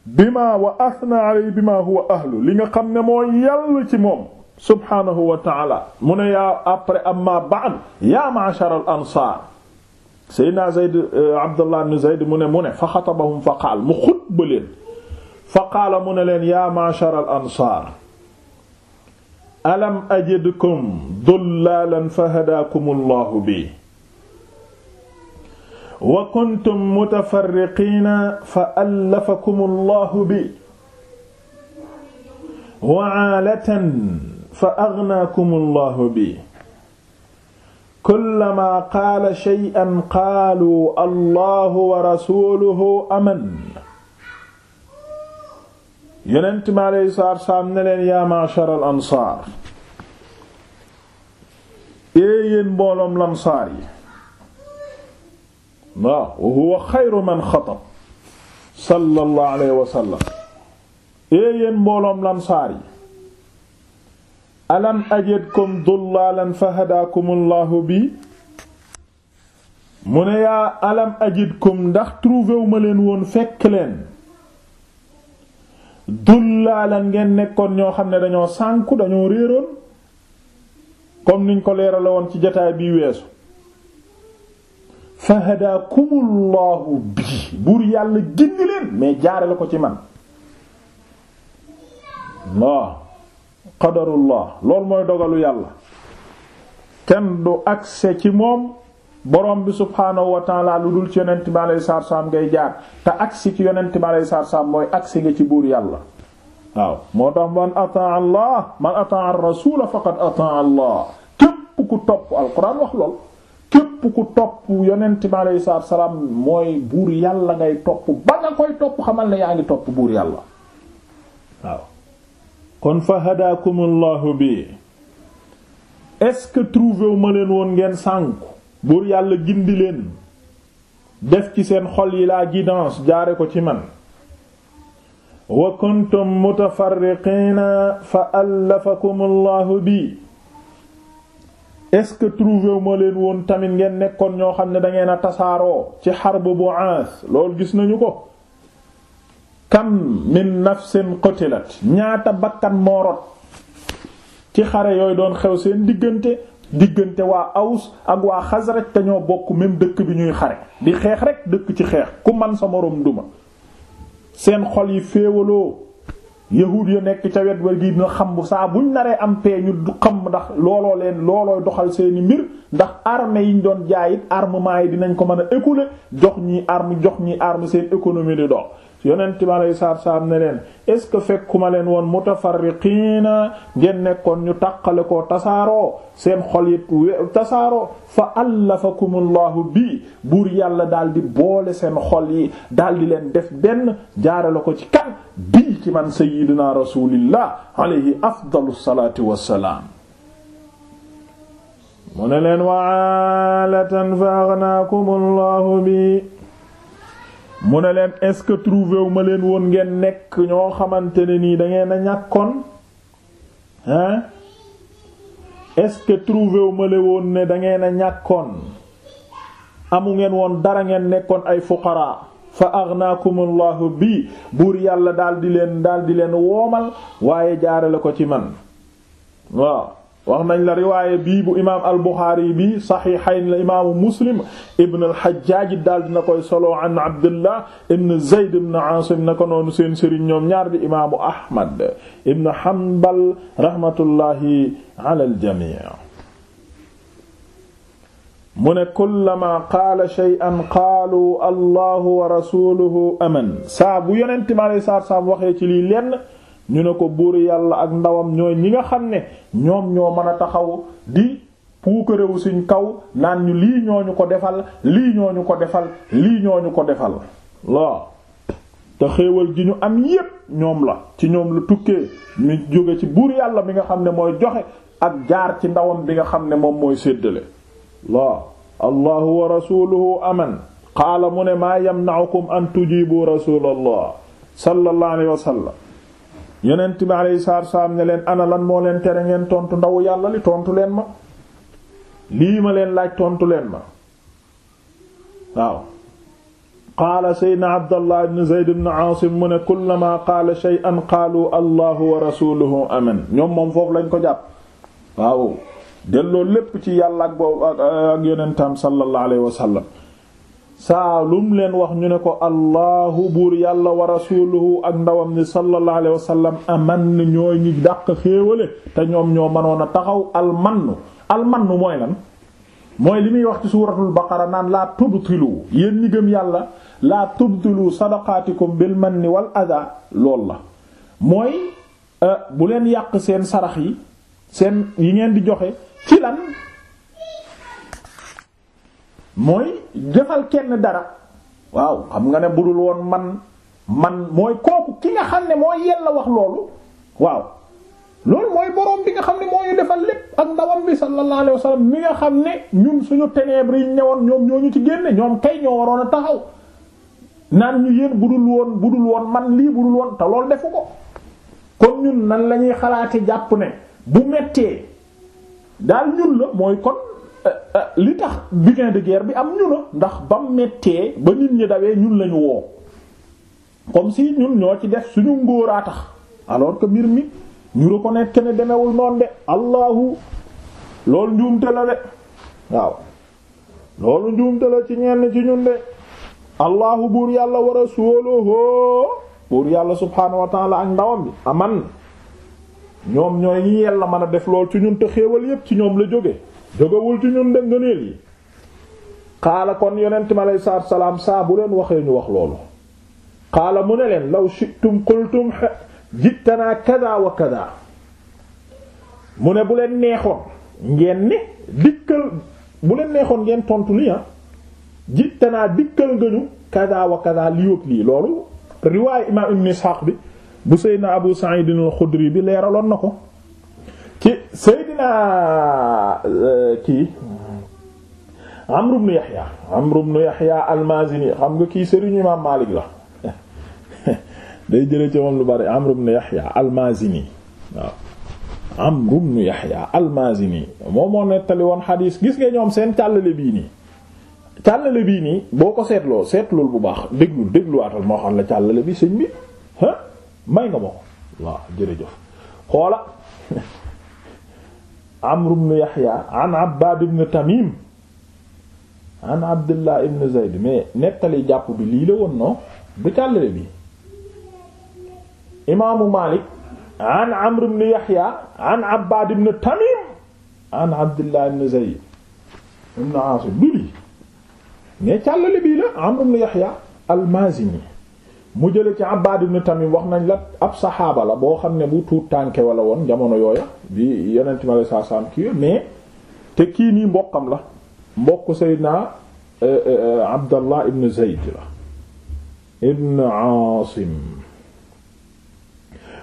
bima wa asna alayhi bima huwa ahlu li nga xam ne moo yàlla ci moom subhaanahu wa taala mu ne yaa après amma ba'd yaa ma'shar al ansaar seydna zayd euh, abdullah ibn zayd mu ne mu ne fa xatabahum fa qaal mu xutba leen fa qaala mu ne leen yaa ma'shar al ansaar alam ajidkum dullaalan fa hadaakum allahu bi wa kuntum mutafarriqiina fa allafakum allahu bi wa'aalatan fa agnaakum allahu bi kullamaa qaala shay'an qaaluu allahu wa rasuluhu aman yonent mi aleyhi salaatu wa salaam ne leen yaa ma'shar al ansaar ee eh, yéen mbooloom lansaar yi waaw wa huwa xayru man xatab sallallahu alayhi wa sallam ee eh, yéen mbooloom lansaar yi alam ajidkum dullaalan fa hadaakumullahu bi mu ne yaa alam ajidkum ndax trouvé ma leen woon fekk leen dullaalan ngeen nekkoon ñoo xam ne dañoo sànku dañoo réeroon comme niñ ko leerale woon ci jataay bii weesu fa hadaakumullahu bi buur yàlla gindi leen mais jaare la ko ci man waaw qadarullah lool mooy dogalu yàlla kenn du accès ci moom borom bi subhaanahu wa taala lu dul ci yonent bi alayhi salaatu salaam ngay jaar te accès ci yonent bi alayhi salaatu mooy accès nga ci buur yàlla waaw moo tax man ataa allah man ataa ar-rasuula faqad ataa allah képp ku topp alquran wax lool képp ku topp yonent bi alayhi salaatu mooy buur yàlla ngay topp ba nga koy topp xamal ne yaa ngi topp buur yàlla waaw kon fa hadaakumullahu bi est-ce que trouvé wu leen woon ngeen sànku buur yàlla gindi leen def ci seen xol yi la guidance jaare ko ci man wa kuntum mutafarriqiina fa allafakumullahu bi est-ce que trouvé wu leen woon tamit ngeen nekkoon ñoo xam ne dangeen a tasaaroo ci xarbu Bu'aas loolu gis nañu ko kam min nafsin la ñaata bakkan moo ci xare yooyu doon xew seen diggante diggante waa Aws ak waa Xasraj te ñoo bokk même dëkk bi ñuy xare di xeex rek dëkk ci xeex ku man sa moroom duma seen xol yi féewaloo yahuud ya nekk ca wet war gi dina xam bu saa buñ naree am pee ñu xam ndax looloo leen loolooy doxal seeni mbir ndax armée yi ñu doon jaayit armement yi dinañ ko mën a écouler jox ñi arme jox ñi arme seen économie di dox yonent bi alayhi salaatu salaam ne leen est-ce que fekkuma leen woon mutafarriqiina ngeen nekkoon ñu tàqale koo tasaaroo seen xol yi tasaaroo fa allafakumullahu bi buur yàlla daal di boole seen xol yi daal di leen def benn jaarale ko ci kan bii ci man sayyidina rasulillah alayhi afdalu salaati wassalaam mu ne leen wa aalatan fa bi mu ne leen est-ce que trouvé wu ma leen woon ngeen nekk ñoo xamante ne nii da ngeen a ñàkkoon hein est-ce que trouvé wu ma leen woon ne dangeen a ñàkkoon amu ngeen woon dara ngeen nekkoon ay fuqara fa aghnaakumullahu bi buur yàlla daal di leen daal di leen woomal waaye jaarale ko ci man waaw. wax nañ la riwaaye bii bu imaam al buxaari bi saxiixayn la imaamu muslim ibn al xajjaaj daal dina koy solo an abdullah ibn zayd ibn aasim naka noonu seen sëriñ ñoom ñaar di imaamu ahmad ibn hanbal rahmatullahi ala al jamii mu ne kullama qaala shay'an qaalu allahu wa rasuluhu aman saa bu yonent ma lay saar saa waxee ci lii lenn ñu ne ko buur yàlla ak ndawam ñooy ñi nga xam ne ñoom ñoo mën a taxaw di puukarewu si kaw naan ñu lii ñoo ñu ko defal lii ñoo ñu ko defal lii ñoo ñu ko defal waaw te xéewal gi ñu am yépp ñoom la ci ñoom lu tukkee mi jóge ci buur yàlla bi nga xam ne mooy joxe ak jaar ci ndawam bi nga xam ne moom mooy séddale laa allahu wa rasuluhu aman qaala mu ne maa yamna'ukum an tujibu rasulallah sallallahu alayhi wa sallam yonent bi alayhi salaatu salaam ne leen ana lan moo leen tere ngeen tontu ndaw yàlla li tontu leen ma lii ma leen laaj tontu leen ma waaw qaala seydna abdallah ibn zeyd ibn aasim mu ne kullama qaala shay'an qaalu allahu wa rasuluhu amin ñoom moom foofu lañ ko jàpp waaw delloo lépp ci yàlla ak boobu ak yonentam sallallahu alayhi wa sallam saa saalum leen wax ñu ne ko allahu buur yàlla wa rasuluhu ak ndawam ni sallallahu alayhi wa man aman ñooy ñi dàq xéewale te ñoom ñoo mënoon a taxaw almannu almannu mooy lan mooy li muy wax ci suuratul baqara naan laa tubtilu yéen ñi gëm yàlla laa tubtilu sadaqaatikum bil manni wal ada lool la mooy euh, bu leen yàq seen sarax yi seen yi ngeen di joxe ci lan mooy defal kenn dara waaw xam nga ne budul woon man man mooy kooku ki nga xam ne mooy la wax loolu waaw loolu mooy borom bi nga xam ne moo ñu defal lépp ak ndawam bi sallallahu alayhi wasallam mi nga xam ne ñun suñu ténèbres yi ñëwoon ñoom ñoo ñu ci génne ñoom kay ñoo waroon a taxaw naan ñu yéen budul woon budul woon man lii budul woon te loolu defu ko kon ñun nan la ñuy xalaate jàpp ne bu mettee daal ñun la mooy kon li tax butin de geer bi am ñu ndax bam mettee ba nit ñi dawee ñun lañu woo comme si ñun ñoo ci def suñu ngóoraa tax alors que mbir mi ñu reconnaître ne demewul noonu de allahu loolu njuumte la de waaw loolu njuumte la ci ñenn ci ñun de allahu buur yàlla war a sóolóohoo buur yàlla subhaanahu wa taala ak ndawam bi aman ñoom ñooy ñi yella mën a def lool ci ñun te xéewal yépp ci ñoom la jóge jógawul ci ñun de ngëneel yi xaala kon yonent mi aleyhi salaatu salaam saa bu leen waxee ñu wax loolu xaala mu ne leen law sittum qultum jittanaa kada wa kada mu ne bu leen neexoon ngeen ne dikkal bu leen neexoon ngeen tontu li ah jittanaa dikkal nga ñu kada wa kada lii ak lii loolu riwaayu imaam ibn Ishaq bi bu Seydina Abu Sa'id al bi leeraloon na ko. ki Seydina euh, kii Amr ibn Yahya Amr ibn Yahya al-Mazini xam nga kii sëriñu imaam Maalik la [laughs] day jëlee ci moom lu bari Amr ibn Yahya al-Mazini waaw Amr ibn Yahya moom moo nettali woon xadiis gis nga ñoom seen càllale bii nii càllale bii nii boo ko seetloo seetlul bu baax déglul dégluwaatal moo xam la càllale bi sëñ bi ah may nga ma ko waaw jërëjëf xoola [laughs] amru bnu yaxya an abbaad ibn tamim an abdullah ibn zayd mais nettali jàpp bi lii la woon non du càllale bi imaamu malik an amru bnu yaxya an abbaad ibn tamim an abdullah ibn zayd ibn aasim du lii mais càllale bii la amru bnu yaxya almaazini mu jële ci Abbad ibn Tamim wax nañ la ab saxaaba la boo xam ne bu tuut tànke wala woon jamono yooya bi yonent mi alayhi salaam kii mais te kii nii mbokkam la mbokk Seydina euh, euh, Abdallah ibn Zayd la ibn Aasim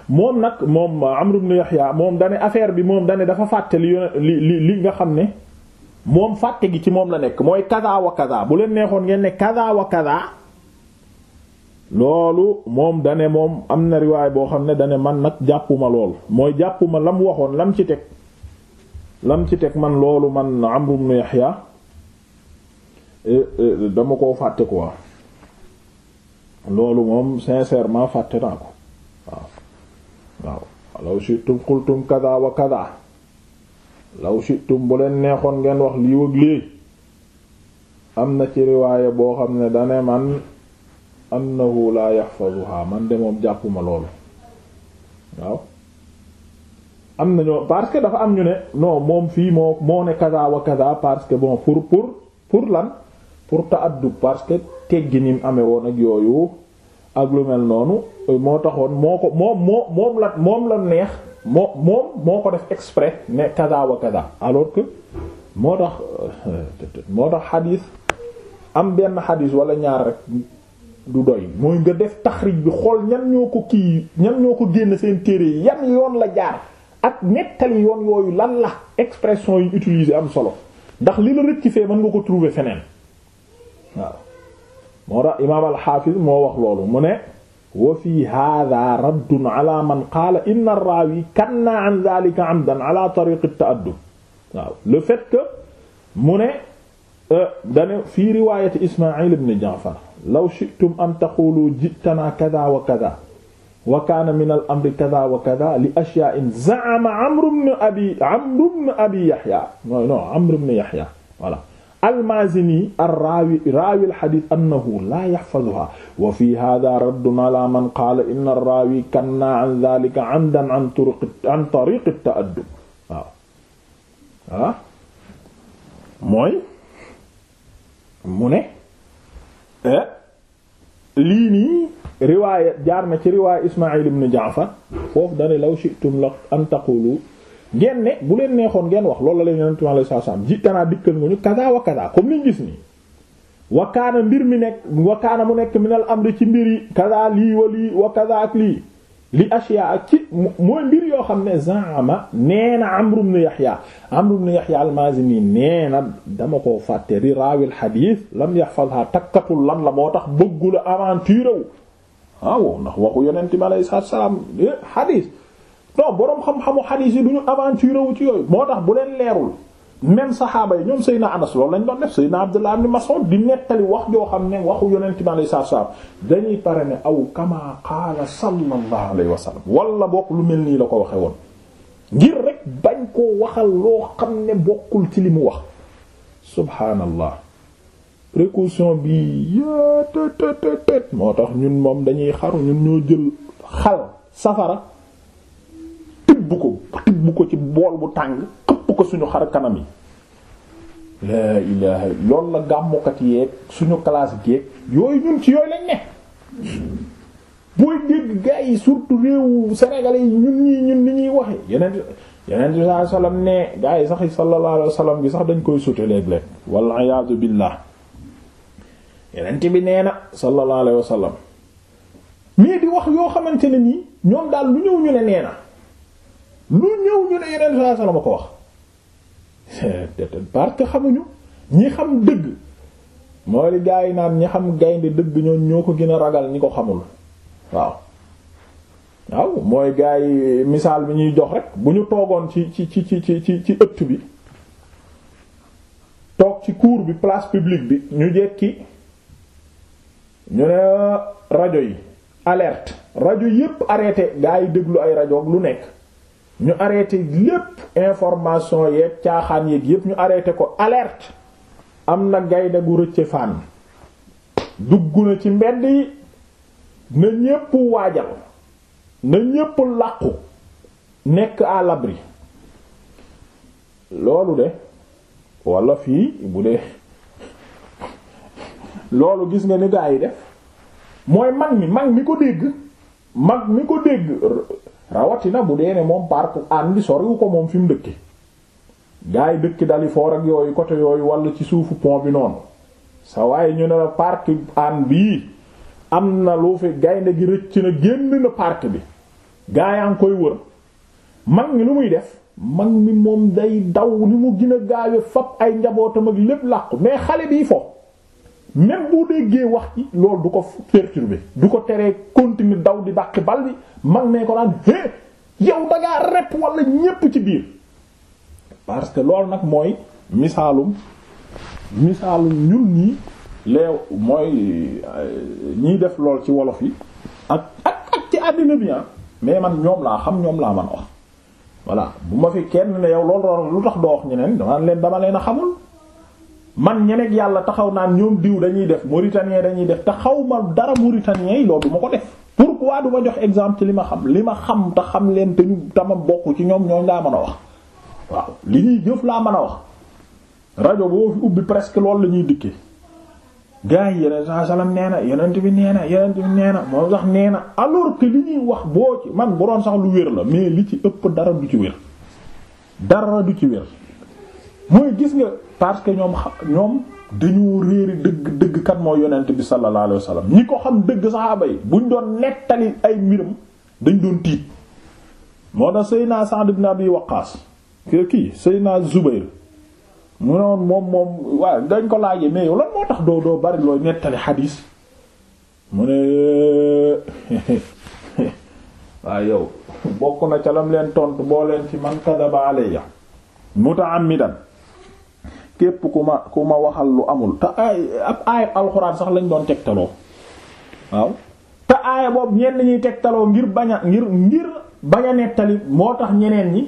moom nag moom Amr ibn Yahya moom dane affaire bi moom dane dafa fàtte li li li nga xam ne moom fàtte gi ci moom la nekk mooy kaza wa kaza bu leen neexoon ngeen ne kaza wa kaza loolu moom dane moom am na riwaay boo xam ne dane man nag jàppuma lool mooy jàppuma lam waxoon lam ci teg lam ci teg man loolu man Amru ibn Yahya eh, eh, dama koo fàtte quoi loolu moom sincèrement fàtte naa ko waaw law shi'tum qultum kada wa kada law shi'tum bu leen neexoon ngeen wax lii wëg lii am na ci riwaaya boo xam ne dane man annahu laa yaxfazuha man de moom jàppuma loolu waaw am na ñoo parce que dafa am ñu ne non moom fii moo moo ne kaza wa kaza parce que bon pour pour pour lan pour ta'addub parce que teggi ni mu amee woon ak yooyu ak lu mel noonu euh, moo taxoon moo ko moom moo moom la moom la neex moo moom moo ko def exprès ne kaza wa kaza alors que moo tax euh, [laughs] moo tax xadiis am benn xadiis wala ñaar rek. du doy mooy nga def taxrij bi xool ñan ñoo ko kii ñan ñoo ko génn seen téere yi yan yoon la jaar ak nettali yoon yooyu lan la expression yi utiliser am solo ndax li la rëcc fee mën nga ko trouver feneen waaw moo imaam alxaafiz moo wax loolu mu ne wa fi hada raddun ala man qaala inna raawi kanna an zalika amdan ala tariqi ta'addub le fait que mu ne euh, dane fii riwayati ismail ibn ja'far law shi'tum an taqulu ji'tana kada wa kada wa kaana min al amri kada wa kada li ashya'in za'ama amru ibn abi amru ibn abi yahya non non amru ibn yahya voilà almaazini arraawi raawi alxadis annahu laa yaxfaduha wa fi hada raddun ala man qaala inna arraawi kannaa an dalika amdan an turuq an tariq ta'addub waaw ah mooy mu ne Eh? lii nii riwaaya jaar na ci riwaaya Ismaïl ibn Jaafar foofu dane law shi'tum la an taqulu ngeen ne bu leen neexoon ngeen wax lool la leen yonent mi sallallahu alayhi wasallam jitanaa dikkal nga ñu kaza wa kaza comme niñ gis nii wakaana mbir mi nekk wakaana mu nekk minal amri ci mbir yi kaza lii wa lii wa kaza ak lii li ashiya ak ci mooy mbir yoo xam ne zaama nee na Amr ibn Yahya Amr ibn Yahya al-Mazini nee na dama koo fàtte di raawil xadiis lam yahfazha takkatul lan la moo tax bëggula aventure wu waaw ndax waxu yonent bi alayhi salaatu salaam eh, xadiis non boroom xam-xamu xadiis yi du ñu aventure wu ci yooyu moo tax bu leen leerul même saxaaba yi ñoom Seydina Anas loolu lañ doon def Seydina Abdullah ibn Mas'ud di nettali wax joo xam ne waxu yonent bi alayhi salaam dañuy pare ne aw kama qaala sallallahu alayhi wa sallam wala bokk lu mel nii la ko waxe woon ngir rek bañ koo waxal loo xam ne bokkul ci li mu wax subhaanallah précaution bi yaa tëtëtëtët moo tax ñun moom dañuy xaru ñun ñoo jël xal safara tibb ko tibb ko ci bool bu tàng ko suñu xar kanam yi laa ilaha loolu la gàmmukat yeeg suñu classe yeeg yooyu ñun ci yooyu lañ ne booy dégg gars yi surtout réewu sénégalais yi ñun ñii ñun ni ñuy waxe yeneen yeneen bi salai sallam ne gars yi sax sallallahu alayhi wa sallam bi sax dañ koy sute léeg-léeg wal iyaadu billah bi nee na sallallahu alayhi mais di wax yoo xamante ne nii ñoom daal lu ñëw ñu ne nee na lu ñëw ñu ne yeneen bi salai a ko wax [laughs] parce que xamuñu ñi xam dëgg mooy li gaa yi naan ñi xam gaynde dëgg ñoon ñoo ko gën a ragal ñi ko xamul waaw waaw mooy gaa yi misaal bi ñuy jox rek bu ñu toogoon ci ci ci ci ci ci ëtt bi toog ci cour bi place publique bi ñu jekki ñu ne rajo yi alerte rajo yépp arrêté gaa yi déglu ay rajo ak lu nekk ñu arrêté lépp information yeeg caaxaan yéeg yépp ñu arrêté ko alerte am na gaynde gu rëcce fànn dugg na ci mbedd yi na ñépp waajal na ñépp làqu nekk à l'abri loolu de walla fii bu dee loolu gis nga ni gaa yi def mooy mag mi mag mi ko dégg mag mi ko dégg rawatina bu dee ne moom park an bi soriwu ko moom fi mu dëkke gaa yi dëkk dali foor ak yooyu côté yooyu wala ci suufu pon bi noonu sa waaye ñu ne la park ànd bii am na lu fi gaynde gi rëcc na génn na park bi gaa yaa ngi koy wër mag mi lu muy def mag mi moom day daw ni mu gën a gaawe fab ay njabootam ak lépp làqu mais xale bii foofu même boo déggee wax ci loolu du ko bi du ko teree continuer daw di dàq bal bi mag nee ko naan é yow dangaa rep wala ñépp ci biir parce que loolu nag mooy misaalum misaalum ñun nii leew mooy euh, ñiy def lool ci wolof yi ak ak ak ci àddina bi ah. mais man ñoom laa xam ñoom laa man wax voilà bu ma fi kenn ne yow loolu lu tax doo wax ñeneen leen dama leen a xamul man ñemeeg yàlla taxaw naan ñoom diw dañuy def mauritanien dañuy def te xaw ma dara mauritanien yi loolu du ma ko def pourquoi du ma jox exemple ci li ma xam li ma xam te xam leen te ñu tama bokk ci ñoom ñoom ngaa mën a wax waaw li ñuy jëf laa mën a wax rajo boo fi ubbi presque loolu la ñuy dikkee gars yi yeneen saa salaam nee na yeneen bi nee na yeneen bi nee na moom sax nee na alors que li ñuy wax boo ci man bu doon sax lu wér la mais li ci ëpp dara du ci wér dara du ci wér. mooy gis nga parce que ñoom ñoom dañoo réeri dëgg dëgg kan moo yonent bi sallallahu alayhi wa ñi ko xam dëgg saxaaba yi buñ doon nettali ay mbiram dañ doon tiit moo tax Seydina Sa'd ibn Abi Waqqas kii Seydina Zubayr mu ne woon moom moom waaw dañ ko laaj mais yow lan moo tax doo doo bari looy nettali xadiis mu ne [laughs] waaw yow bokk na ca lam leen tontu boo leen ci man kadaba alayya muta'ammidan képp ku ma ku ma waxal lu amul te ay ab aayab alxuraan sax lañ doon tegtaloo waaw te aaya boobu ñenn ñuy tegtaloo ngir bañ a ngir ngir bañ nettali moo tax ñeneen ñi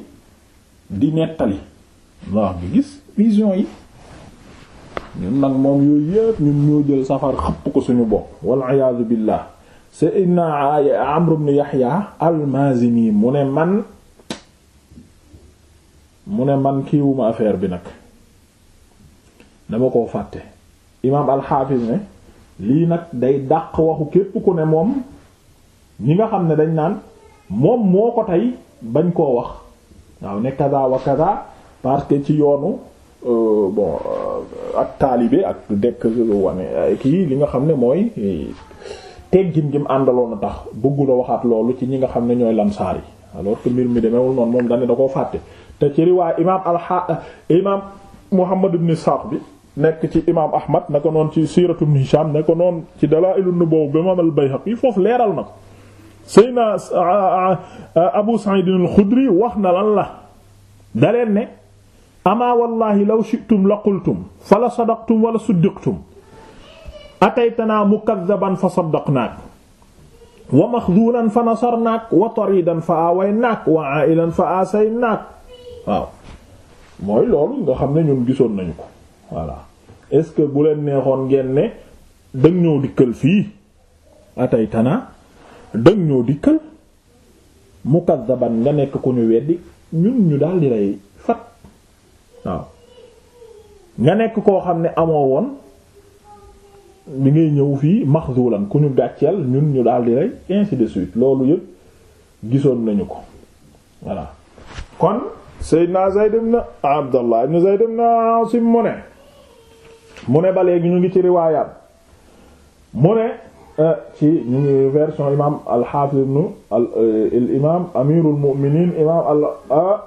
di nettali waaw bi gis vision yi ñun nag moom yooyu yépp ñun ñoo jël safar xapp ko suñu bopp wal iyaadu billah sayyidina Amr ibn Yahya al-Mazini mu ne man mu ne man kiiwuma affaire bi nag dama koo fàtte imaam alxaafis ne lii nag day dàq waxu képp ku ne moom ñi nga xam ne dañ naan moom moo ko tey bañ koo wax waaw ne kaza wa kaza parce que ci yoonu euh, bon euh, ak taalibe ak dekk wane kii li nga xam ne mooy teggin gi mu àndaloon a tax bëggu waxaat loolu ci ñi nga xam ne ñooy lamsaar yi alors que mbir mi demewul noonu moom dañ da koo fàtte te ci riwaay imaam alxa imaam Muhammad ibn Sa'd bi nekk ci imaam Ahmad ko noonu ci siiratu Ibn Hisham naka noonu ci Dalaa'il an-Nubuwwa bi imaam al-Bayhaqi foofu leeral na ko Seydina ah, ah, ah, Abu Sa'id al-Khudri wax na lan la daleen ne amaa wallahi law shi'tum la qultum fa la sadaqtum wala suddiqtum ataytanaa mukaddaban fa saddaqnaak wa maxduulan fa nasarnaak wa tariidan fa awaynaak wa aa'ilan fa aasaynaak waaw mooy loolu nga ne ñun gisoon nañu ko voilà est-ce que bu leen neexoon ngeen ne dëng ñoo dikkal fii atay tana dëng ñoo dikkal mukazzaban nga nekk ku ñu weddi ñun ñu dal di lay fat waaw nga nekk koo xam ne amoo woon li ngay ñëw fii maxzulan ku ñu gàcceel ñun ñu daal di lay ainsi de suite loolu yëpp gisoon nañu ko voilà kon Seydina Zayd ibn Abdallah ibn Zayd ibn Asim mu ne mu ne ba léegi ñu ngi ci riwaayaat mu ne euh, ci ñu ngi version imaam al-Hafiz ibn al-imaam euh, amirul mu'minin imaam al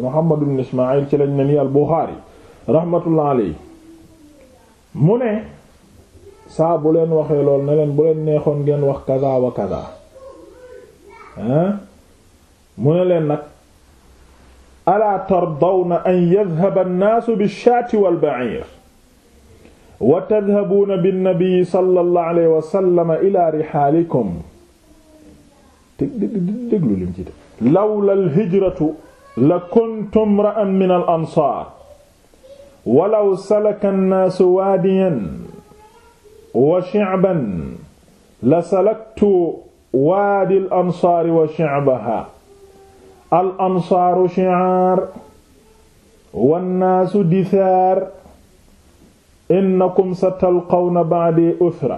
Muhammad ibn Ismaïl ci lañ ne nii al-Bukhari rahmatullah alayhi mu ne saa bu leen waxee lool ne leen bu leen neexoon ngeen wax kaza wa kaza ah mu ne leen nag alaa tardawna an yadhhaba an-naasu bi-shaati wal-ba'iir wa tadhabuuna binnabii sallallahu alayhi wa sallam ila rihaalikum déglu lim ci de lawla alhijratu la kuntum ra'an min al ansaar walaw salaka annaasu waadiyan wa shi'ban la salaktu waadi al ansaari wa shi'bahaa al ansaaru shi'aar wannaasu dithaar innakum satalqawna ba'di usra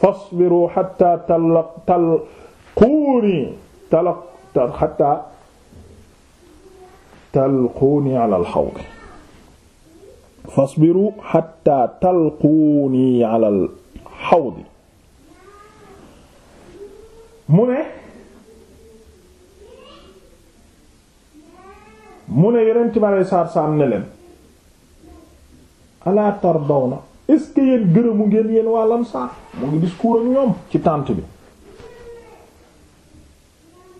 fasbiru hatta talquuni talaq hatta talquuni ala al-hawd fasbiru hatta talquuni ala al-hawd mu ne mu ne yeneen time a ne leen alaa tardawna est-ce que yéen gërëmu ngeen yéen waa Ansaar mu ngi discours ak ñoom ci tànt bi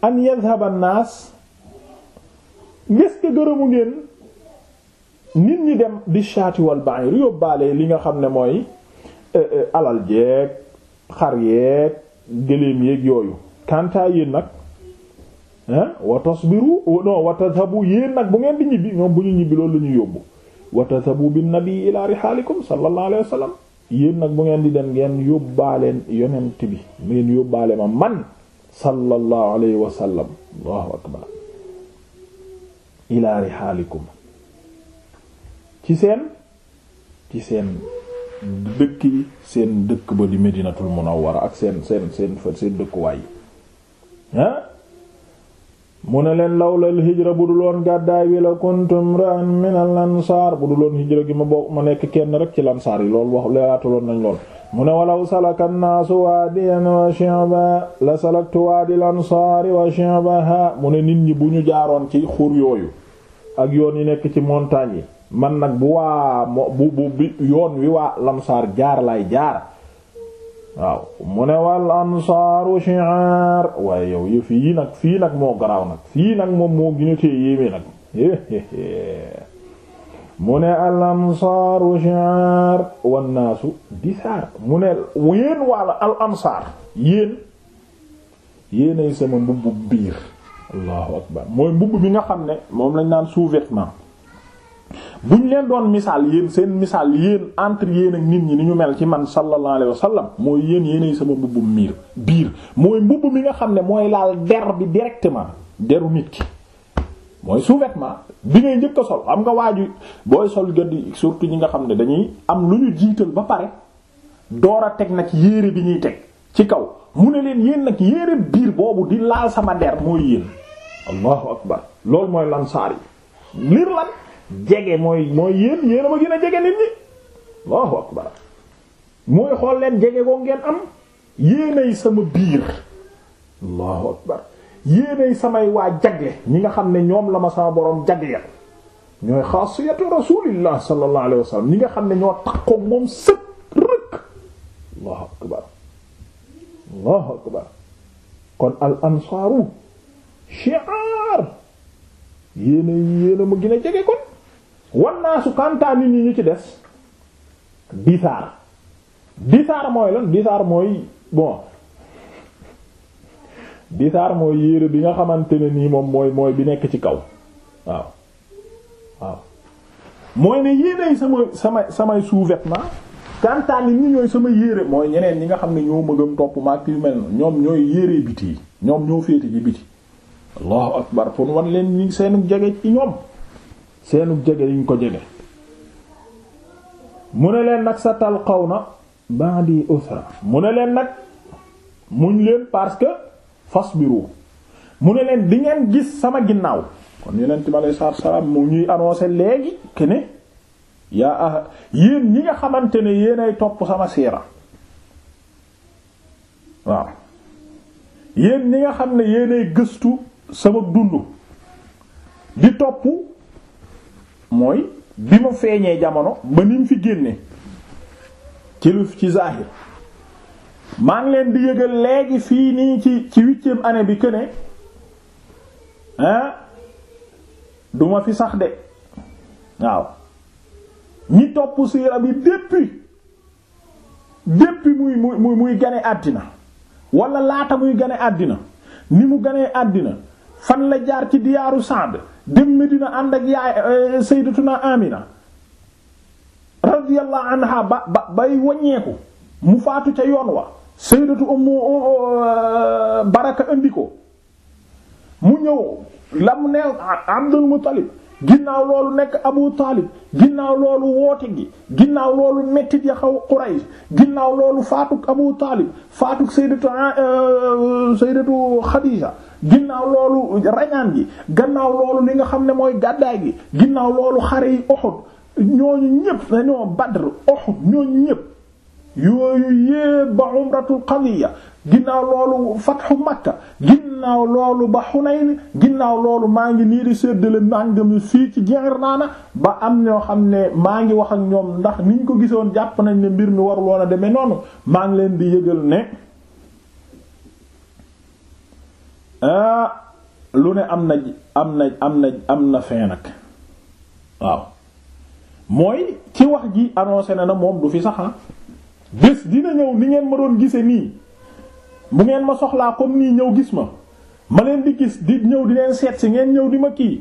an yadhhaba an-nas est gërëmu ngeen nit ñi dem di shaati wal ba'ir yóbbaale li nga xam ne mooy eh, eh, alal jeeg xar yeeg gëléem yeeg yooyu kantaa yéen nag ah wa tasbiru non wa tadhabu yéen nag bu ngeen di ñibbi ñoom bu ñu ñibbi loolu la ñuy yóbbu wa tadhabu bin nabi ila rihaalikum sallallahu alayhi wa sallam nag bu ngeen di dem ngeen yóbbaaleen yonent bi ngeen yóbbaale ma man sallallahu alayhi wa sallam allahu akbar ila rihaalikum ci seen ci seen dëkk seen dëkk ba di medinatul munawwara ak seen seen seen seen dëkkuwaay ah mu ne leen lawlal hijra bu dul woon gàddaay wi la kuntum ra'an min al ansaar bu dul woon hijra gi ma bokk ma nekk kenn rek ci lansaar yi loolu wax leeraataloon nañ lool mu ne walaw salaka nnaasu waadiyan wa ba la salaktu waadil ansaari wa shi'baha mu ne nit ñi bu ñu jaaroon ci xur yooyu ak yoon yi nekk ci montagne yi man nag bu waa bu bu bi yoon wi waa lamsaar jaar lay jaar waaw mu ne wal ansaaru shi'ar waaye yow yi fii nag fii nag moo garaaw nag fii nag moom moo gëna tee yéeme nag [laughs] mu ne al ansaaru shi'ar wan naasu disaar mu ne yéen wàll al ansaar yéen yéenay sama mbubb biir allahu akbar mooy mbubb bi nga xam ne moom lañ naan sous-vêtement buñ leen doon misaal yéen seen misaal yéen entre yéen ak nit ñi ni ñu mel ci man sallallahu alayhi wa sallam mooy yéen yéenay sama mbubb miir biir mooy mbubb mi nga xam ne mooy laal der bi directement deru nit ki mooy sous ma bi ngay njëkk sol am nga waaju booy sol gëdd surtout ñi nga xam ne dañuy am lu ñu jiital ba pare door a teg nag yéere bi ñuy teg ci kaw mu ne leen yéen nag yére biir boobu di laal sama der mooy yéen allahu akbar loolu mooy lan saar jege mooy mooy yéen yéen a ma gën a jege nit ñi Allahu akbar mooy xool leen jege ko ngeen am yéenay sama biir Allahu akbar yéenay samay waa jagle ñi nga xam ne ñoom la ma sama boroom jagleel ñooy xaasiyatu rasulillah sallallahu alayhi wa sallam nga xam ne ñoo takkook moom sëkk rëkk Allahu akbar Allahu akbar kon al ansaaru shi'ar yéena yéena ma gën a jege kon wan naa su kantaa nit ñi ñu ci des disaar disaar mooy lan disaar mooy bon disaar mooy yére bi nga xamante ne nii moom mooy mooy bi nekk ci kaw waaw waaw mooy ne yéenay sama sama samay sous-vêtement kantaa nit ñooy sama yére mooy ñeneen ñi nga xam ne ñoo mëgam topp maak yu mel ñoom ñooy yére biti ñoom ñoo féete ci biti allahu akbar pour wan leen ñi seen jege ci ñoom seenu jege yiñ ko jege mu ne leen nag sa tal xaw na ba'di usra mu ne leen nag muñ leen parce que fasbiru mu ne leen di ngeen gis sama ginnaaw kon yonent bi alayhi salaatu salaam mu ñuy annoncé léegi ne yaa ah yéen ñi nga xamante ne yéenay topp sama siira waaw yéen ñi nga xam ne yéenay gëstu sama dund di topp mooy bi mu feeñee jamono ba niñ fi génne ci lu ci zahir maa ngi leen di yëgal léegi fii nii ci ci huitième année bi que ne ah fi sax de waaw ñi topp siira bi depuis depuis muy muy muy gane àddina wala laata muy gane àddina ni mu ganee àddina fan la jaar ci diyaaru Sand dem Medina ànd yaay euh, sayyidatuna Amina radiyallahu anha ba bay waññeeku mu faatu ca yoon wa sayyidatu ummu euh, baraka indi mu ñëw lamu ne Abdul Muttalib ginnaaw loolu nekk Abu Taalib ginnaaw loolu woote gi loolu mettit ya xaw Quraysh ginnaaw loolu faatuk Abu Taalib faatuk sayyidatu euh, sayyidatu Xadiija ginnaaw loolu rañaan gi gannaaw loolu li nga xam ne mooy gàddaay gi ginnaaw loolu xare yi Uhud ñooñu ñëpp dañoo Badr Uhud ñooñu ñëpp yooyu yépp ba umratul qadiya ginnaaw loolu fatxu Makka ginnaaw loolu ba Hunayn ginnaaw loolu maa ngi nii di séddale màngami fii ci naa na ba am ñoo xam ne maa ngi wax ak ñoom ndax niñ ko gisoon jàpp nañ ne mbir mi waruloon a demee noonu maa ngi leen di yëgal ne ah lu ne am na am na am na am na fin nag waaw mooy ci wax ji annoncé na na moom du fi sax ah. bés dina ñëw li ngeen ma doon gise nii bu ngeen ma soxlaa comme nii ñëw gis ma ma leen di gis di ñëw di leen seet si ngeen ñëw di ma kii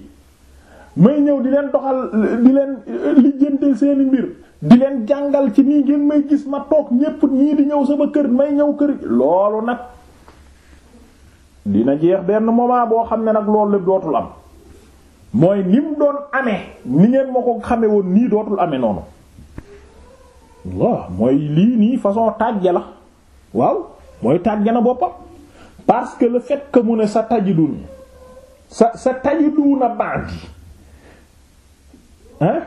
may ñëw di leen doxal di leen eh, lijjantil seeni mbir di leen jàngal ci nii ngeen may gis ma toog ñépp ñii di ñëw sama kër may ñëw kër loolu nag dina jeex benn moment boo xam ne nag loolu la dootul am mooy ni mu doon amee ni ngeen ma ko xame woon nii dootul amee noonu waaw mooy lii nii façon tàjja la waaw mooy tàjja na boppam parce que la fait que mu ne sa tajidun sa sa tajiduna ba'di hein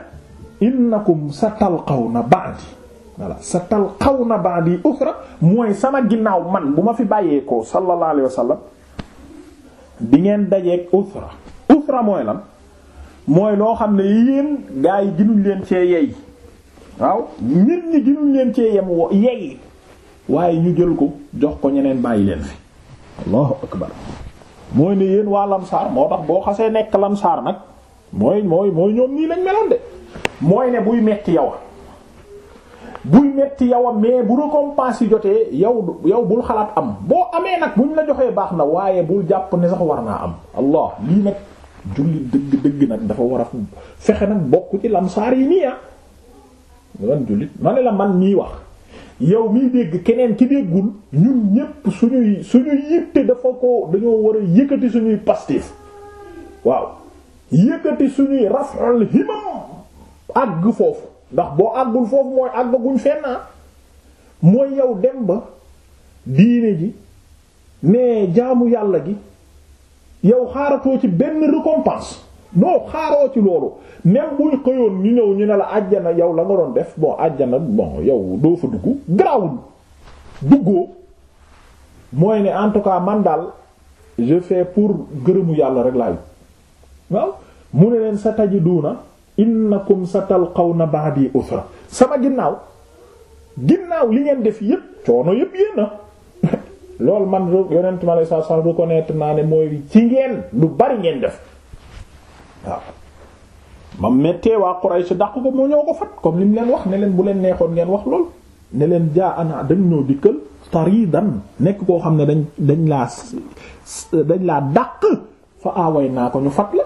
innakum sa talqawna ba'di voilà sa na ba'di ukhra mooy sama ginnaaw man bu ma fi bàyyeekoo ko sallallahu alayhi di ngeen dajeek usra usra mooy lan mooy loo xam ne yéen gaa yi ginuñ leen cee yey waaw nit ñi ginuñ leen waaye ñu jël ko jox ko ñeneen bàyyi leen fi allahu akbar mooy ne yéen waa lamsaar moo tax boo xasee nekk lamsaar nag mooy mooy mooy ñoom nii lañ meloon de mooy ne buy metti yow buy metti yow am mais bu récompense jotee yow yow bul xalaat am boo amee nag buñ la joxee baax na waaye bul jàpp ne sax war naa am allah lii nag julli dëgg dëgg nag dafa war a fexe nag bokk ci lamsaar yi nii ah man jullit ma ne la man nii wax yow miy dégg keneen ki déggul ñun ñépp suñuy suñuy te dafa ko dañoo war a yëkkati suñuy pastif waaw yëkkati suñuy rafal himam àgg foofu ndax boo àggul foofu mooy àggaguñ fenn ah. mooy yow dem ba diine ji mais jaamu yàlla gi yow xaaratoo ci benn récompense non xaaroo ci loolu même buy xëyoon ñu ñëw ñu ne la àjjana yow la nga doon def bon àjjana bon yow doo fa dugg garaawul duggoo mooy ne en tout cas man daal je fais pour gërëmu yàlla rek laay waaw mu ne leen sa taji duuna innakum satalqawna ba'di usra sama ginnaaw ginnaaw li ngeen def yépp coono yépp yéen a [laughs] loolu man yonent ma lay saa saa reconnaître naa ne mooy ci ngeen lu bari ngeen def waaw ma mettee waa Quraysh dàq ko moo ñoo ko fat comme lim leen wax ne leen bu leen neexoon ngeen wax lool ne leen jaa ana dañ ñoo dikkal taridan nekk koo xam ne dañ dañ laa dañ laa dàq fa away naa ko ñu fat la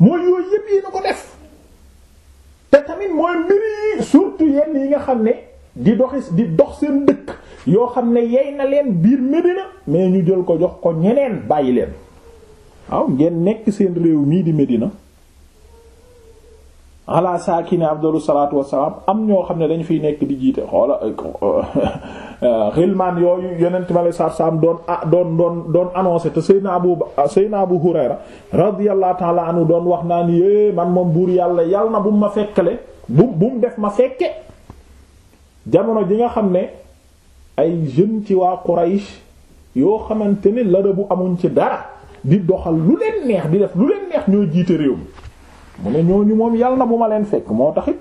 mooy yooyu yëpp yi na ko def te tamit mooy mbir yi surtout yenn yi nga xam ne di doxi di dox seen dëkk yoo xam ne yey na leen biir Medina mais ñu jël ko jox ko ñeneen bàyyi leen waaw ngeen nekk seen réew mii di Medina ala saakine afdalu salaatu wassalaam am ñoo xam ne dañu fiy nekk di jiite xoola xilmaan euh, euh, yooyu yonent ma lay saar saam doon ah doon doon doon te Seydina na ah, Seydina Abu Hurayra radiyallahu ta'ala anhu doon wax naa ni yée man moom buur yàlla yal na bu ma fekkale bu bu mu def ma fekke jamono ji nga xam ne ay jeunes ci waa Quraysh yoo xamante ni la bu amuñ ci dara di doxal lu leen neex di def lu leen neex ñoo jiite réew mi mu ne ñooñu moom yàlla na bu ma leen fekk moo taxit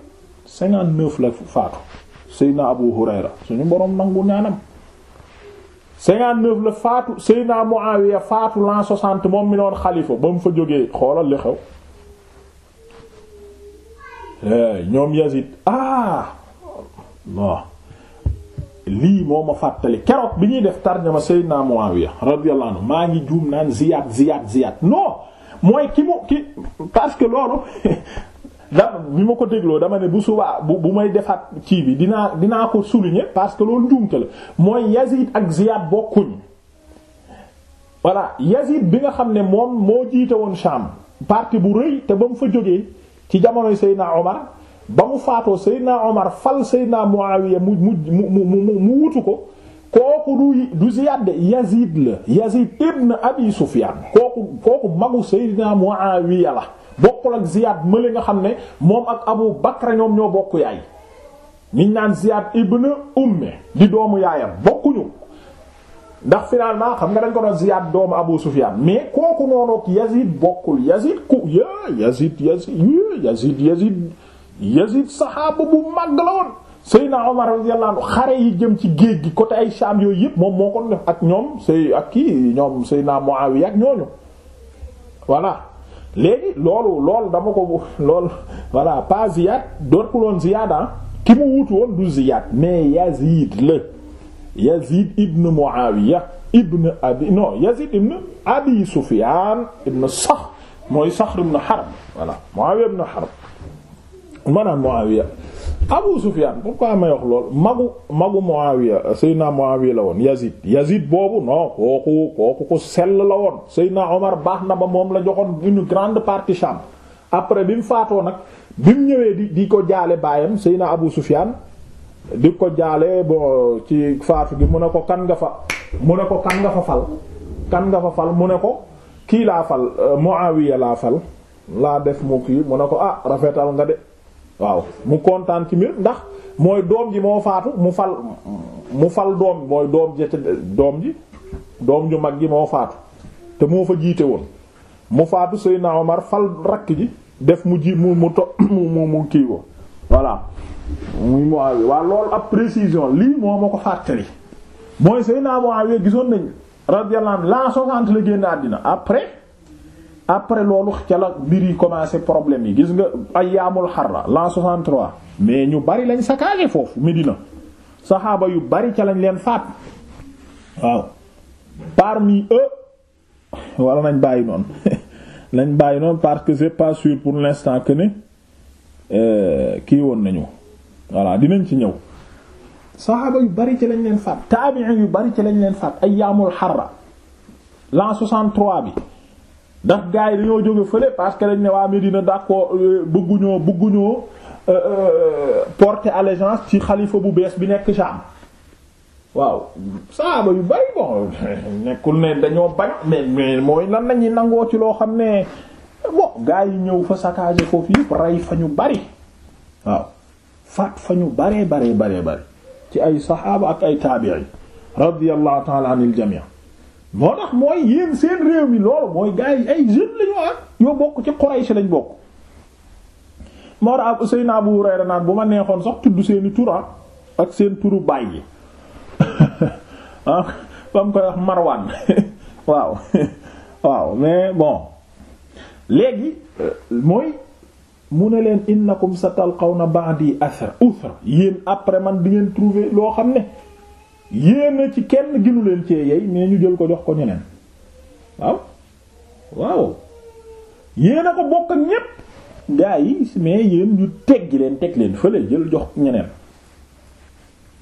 cinquante neuf la faatu Seydina Abu Hurayra suñu boroom nangu ñaanam cinquante neuf la faatu Seydina Muawiya faatu l'an soixante moom mi doon xalifa ba mu fa jógee xoolal li xew eh, ñoom Yazid ah lii moo ma fàttali keroog bi ñuy def tarjama Seydina Muawiya radiyallahu anhu maa ngi juum naan Ziyad Ziyad Ziyad non mooy ki mu ki parce que loolu [laughs] da bi ma ko dégloo dama ne bu subaa bu bu may defaat kii bi dinaa dinaa ko souligner parce que loolu njuumte la mooy Yazid ak Ziyad bokkuñ voilà Yazid bi nga xam ne moom moo jiite woon Sham parti bu rëy te ba mu fa jógee ci jamonoy Seydina Omar ba mu faatoo Seydina Omar fal Seydina Muawiya mu mu mu mu wutu ko kooku du du Ziyaad de Yazid la Yazid ibn Abi Sufyaan kooku kooku magu Seydina Muawiya la bokkul ak Ziyaad mële nga xam ne moom ak Abu Bakr ñoom ñoo bokk yaay niñ naan Ziyaad ibn Umme di doomu yaayam bokkuñu ndax finalement xam nga dañ ko doon Ziyaad doomu Abu Sufyaan mais kooku noonu ak Yazid bokkul Yazid ku ya Yazid Yazid Yazid Yazid saxaaba bu mag la woon Seydina Omar radiyallahu anhu xare yi jëm ci géej gi côté ay Sham yooyu yëpp moom moo ko def ak ñoom Sey ak kii ñoom Seydina Muawiya ak ñooñu voilà léegi loolu loolu dama ko lool voilà pas Ziyad dorkuloon Ziyad ah ki mu wutu woon du Ziyad mais Yazid la Yazid ibn Muawiya ibn Abi non Yazid ibn Abi Sufyan ibn Saxr mooy Saxr ibn Harb voilà Muawiya ibn Harb maanaam Muawiya Abu Sufyan pourquoi may wax lool magu magu Muawiya Seydina Muawiya la woon Yazid Yazid boobu non kooku kooku ku sell la woon Seydina Omar baax na ba moom la joxoon une grande partie Sham après bi mu faatoo nag bi mu ñëwee di di ko jaale baayam Seydina Abu Sufyan di ko jaale bon ci faatu gi mu ne ko kan nga fa mu ne ko kan nga fa fal kan nga fa fal mu ne ko kii laa fal euh, Muawiya laa fal laa def mu kii mu ne ko ah rafetal nga de waaw mu kontaan ci mbir ndax mooy doom ji moo faatu mu fal mu fal doom mooy doom ji doom ji doom ju mag ji moo faatu te moo fa jiite woon mu faatu Seydina ma fal rakk ji def mu ji mu mu to mu mu kii ko voilà muy Muawiya waaw loolu ab précision lii moo ma ko fàttali mooy Seydina Muawiya gisoon nañ radiyallahu anhu l'an 60 la génn àddina après après loolu ca la mbir yi commencé problème yi gis nga ayyaamul xarra l'an 63 mais ñu bari lañ saccager foofu Médina saxaaba yu bari ca lañ leen faat waaw parmi eux nañ bàyyi noonu nañ [laughs] noonu parce que c'est pas pour l'instant que ne euh, kii woon nañu voilà dinañ ci ñëw saxaaba yu bari ca lañ leen faat taabi'in yu bari ca lañ leen faat ayyaamul xarra l'an 63 bi. ndax gars yi dañoo jóge fële parce que dañ ne waa Medina d'accord euh, bëgguñoo bëgguñoo euh, euh, porter allégeance ci xalifa bu bees bi nekk Sham waaw saaba yu bari bon [laughs] nekkul ne dañoo bañ mais mais mooy lan lañuy nangoo ci loo xam ne bon gars yi ñëw fa saccager foofu yëpp rey fa ñu bari waaw faat fa ñu baree bari baree bari ci ay saxaaba ak ay taabi'i radiyallahu ta'ala anil jami' moo tax mooy yéen seen réew mi loolu mooy gars yi ay jeunes la ñu am ah. ñoo bokk ci Quraysh lañ bokk. Mor ab Seyna Abu Hurayra naan bu ma neexoon sax tudd seeni tur ah ak seen turu baay yi [laughs] ah ba mu koy wax Marwan [laughs] waaw [laughs] waaw mais bon léegi euh, mooy. mu ne leen innakum satalqawna di asra usra yéen après man bi ngeen trouver loo xam ne. yéen ci kenn ginu leen cee yey mais ñu jël ko jox ko ñeneen waaw waaw yéen a ko bokk ak ñépp gaa yi mais yéen ñu teggi leen teg leen fële jël jox ñeneen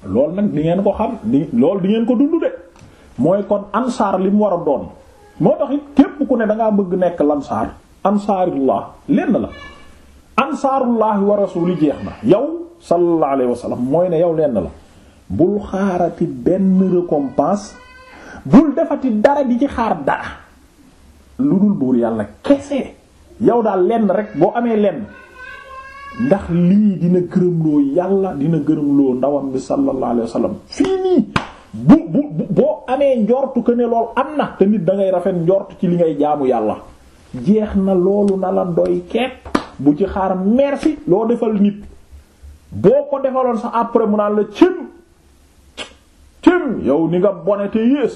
loolu nag di ngeen ko xam lool di ngeen ko dund de mooy kon ansaar li mu war a doon moo tax képp ku ne dangaa bëgg nekk lansaar ansaarullah lenn la ansaarullahi wa rasuli jeex na yow sallallahu alayhi wa sallam mooy ne yow lenn la bul xaarati benn récompense bul defati dara di ci xaar dara lu dul buur yàlla kese yow daal lenn rek boo amee lenn ndax lii dina gërëmloo yàlla dina gërëmloo ndawam bi sallallahu alayhi wa fii nii bu bu boo amee njortu que ne lool am na te nit da ngay rafet njort ci li ngay jaamu yàlla jeex na loolu na la doy kepp bu ci xaar merci loo defal nit boo ko defaloon sax après mu naan la cim yow ni nga bone te yées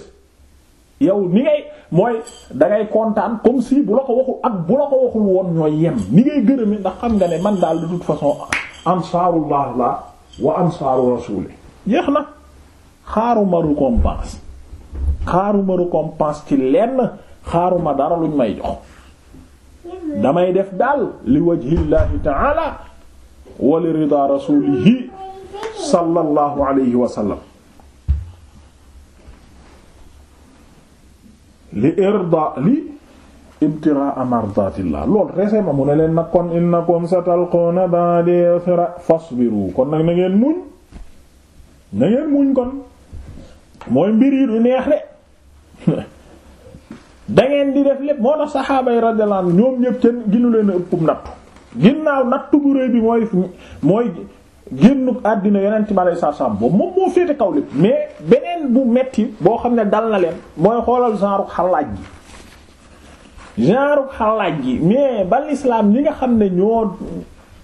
yow ni ngay mooy dangay kontaan comme si bu la ko waxul ak bu la ko waxul woon ñooy yem ni ngay gërëme ndax xam nga ne man daal de toute façon ansaarullah la wa ansaaru rasuuli yéex na xaaruma récompense xaaruma récompense ci lenn xaaruma dara luñ may jox damay def daal li wajhillaahi ta'ala wa li ridaa rasuulihi sallallahu alayhi wa sallam li irda li ibtiraa mardatillah lool resee ma mu ne leen nag kon innakum satalquna ba'di yasra fasbiru kon nag na ngeen muñ na ngeen muñ kon mooy mbir du neex de [laughs] dangeen di def lépp moo tax saxaaba yi radiyallahu ñoom ñëpp kenn ginu leen a ëpp nattu ginnaaw nattu bu rëy bi mooy mooy génnug àddina yonent mi alayhi salaatu salaam boobu moom moo féete kaw lépp mais beneen bu metti boo xam ne dal na leen mooy xoolal genre xalaaj gi genre xalaaj gi mais ba l'islam ñi nga xam ne ñoo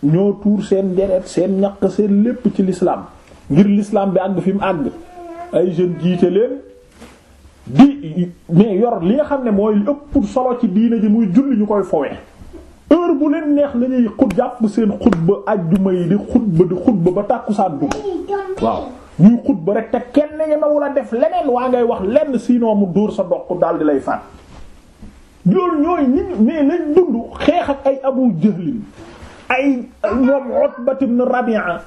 ñoo tuur seen deret seen ñax seen lépp ci lislaam ngir lislaam bi àgg fi mu àgg ay jeunes jiite leen di mais yor li nga xam ne mooy ëpp solo ci diina ji muy julli ñu koy fowee heure bu leen neex la ñuy xut jàpp seen xutba ajjuma yi di xutba di xutba ba tàkku tàkkusaan dugg waaw ñuy xutba rek te kenn ñemewu la def leneen waa ngay wax lenn sinon mu dóor sa doq daal di lay faat loolu ñooy nit mais lañ dund xeex ak ay Abu Jahlin ay ñoom Utba ibn Rabi'a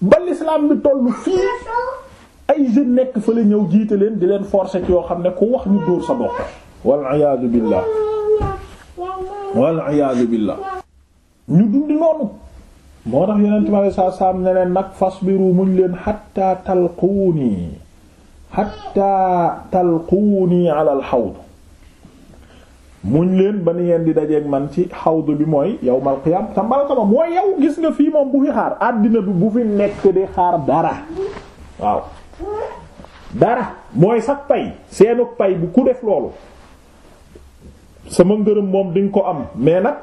ba l'islam bi tollu fii ay jeunes nekk fa la ñëw jiite leen di leen forcer ci yoo xam ne ku wax ñu dóor sa doq wal iyaadu billah wal iyaadu billah ñu dundi noonu moo tax yonent bi alayhi salaatu salaam ne leen nag fasbiru muñ leen xatta talquunii xatta talquunii alal xawd muñ leen ba ni ngeen di dajeeg man ci xawdu bi mooy yawmal qiyaam te mbalka yow gis nga fii moom bu fi xaar àddina bi bu fi nekk di xaar dara waaw dara mooy sax pay seenu pay bu ku def loolu sama ngërëm moom di nga ko am mais nag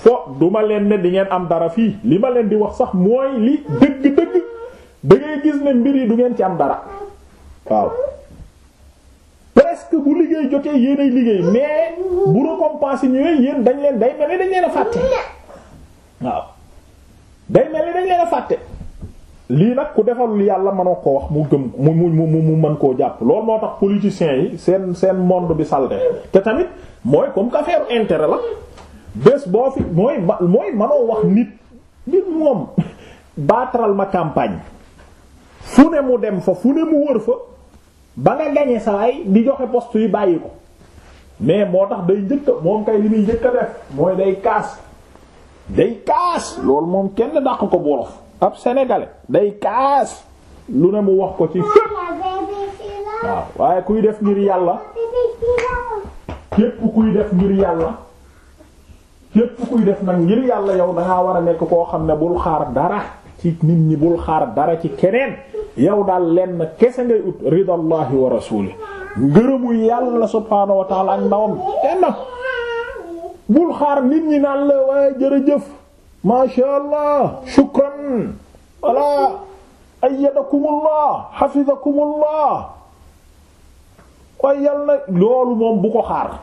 fo duma leen ne di ngeen am dara fii li ma leen di wax sax mooy li dëgg-dëgg da ngay gis ne mbir yi du ngeen ci am dara waaw presque bu liggéey jotee yéenay liggéey mais bu récompense ñëwee yéen dañ leen day mel ni dañ leen a fàtte waaw day mel ni dañ leen a fàtte. lii nag ku defalul yàlla mënoo ko wax mu gëm mu mu mu mu mën koo jàpp loolu moo tax politiciens yi seen seen monde bi salte te tamit mooy comme que affaire intérêt la bés boo fi mooy mooy mënoo wax nit nit moom [laughs] baataral ma campagne fu ne mu dem fa fu ne mu wër fa ba nga gañe saay di joxe poste yi bàyyi ko mais moo tax day njëkka moom kay li muy njëkka def mooy day kaas day kaas loolu moom kenn dàq ko bolof ab sénégalais day kaas lu ne mu wax ko ci fépp waaw waaye kuy def ngir yàlla képp kuy def ngir yàlla képp kuy def nag ngir yàlla yow dangaa war a nekk koo xam ne bul xaar dara ci nit ñi bul xaar dara ci keneen yow daal lenn kese ngay ut ridallahi wa rasuli ngërëmu yàlla subhaanahu wa ndawam kenn bul xaar nit ñi naan la waaye jërëjëf maasha allah shukran ala ayyadakumullah hafizakumullah waaye yal na loolu moom bu ko xaar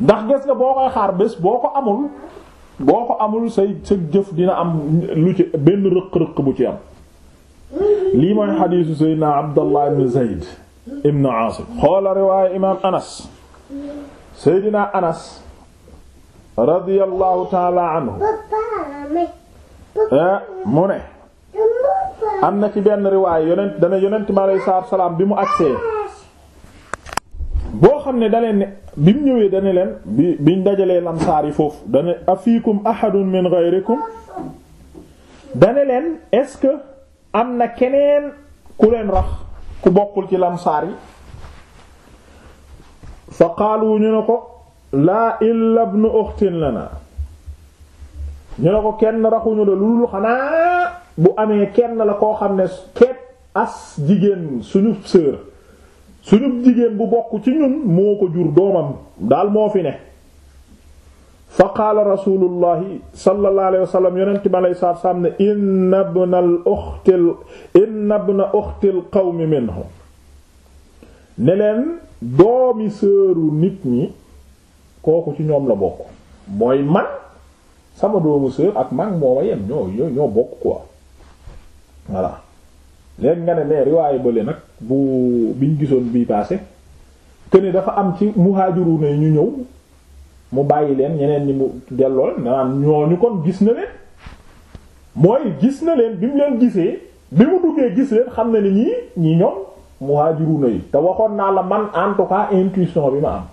ndax gis nga boo koy xaar bés boo ko amul boo ko amul say sa jëf dina am lu ci benn rëq-rëq bu ci am lii mooy xadiisu seydna abdallah ibn zayd ibn aasim xoola riwaaya imaam anas seydina anas radiyallahu taala anhu eh, mu ne am na ci benn riwaay yonent dana yonent mi aleyhi salaatu salaam bi mu agsee boo xam ne da leen ne bi mu ñëwee dana leen bi biñ dajalee lamsaar yi foofu dana afiikum ahadun min ghayrikum dana leen est-ce que am na keneen ku leen rax ku bokkul ci lamsaar yi fa qaalu ñu ne ko laa illa ibnu uxtin lana ñu ne ko kenn raxuñu de lu dul xanaa bu amee kenn la koo xam ne kepp as jigéen suñu sœur suñu jigéen bu bokk ci ñun moo ko jur doomam daal moo fi ne fa qaala rasulullahi sallallahu alayhi wa sallam yonent bi qawmi minhum ne doomi sœuru nit ñi kooku ci ñoom la bokk mooy man sama doomu sœur ak man moo ma yem ñoo ñoo bokk quoi voilà léegi nga ne mais riwaayu bële nag bu biñ gisoon bii paase te ni dafa am ci muhajiruna yi ñu ñëw mu bàyyi leen ñeneen ñi mu delloo maanaam ñooñu kon gis na leen mooy gis na leen bi mu leen gisee bi mu duggee gis leen xam na ni ñii ñi ñoom muhajiruna yi te waxoon naa la man en tout intuition bi ma am.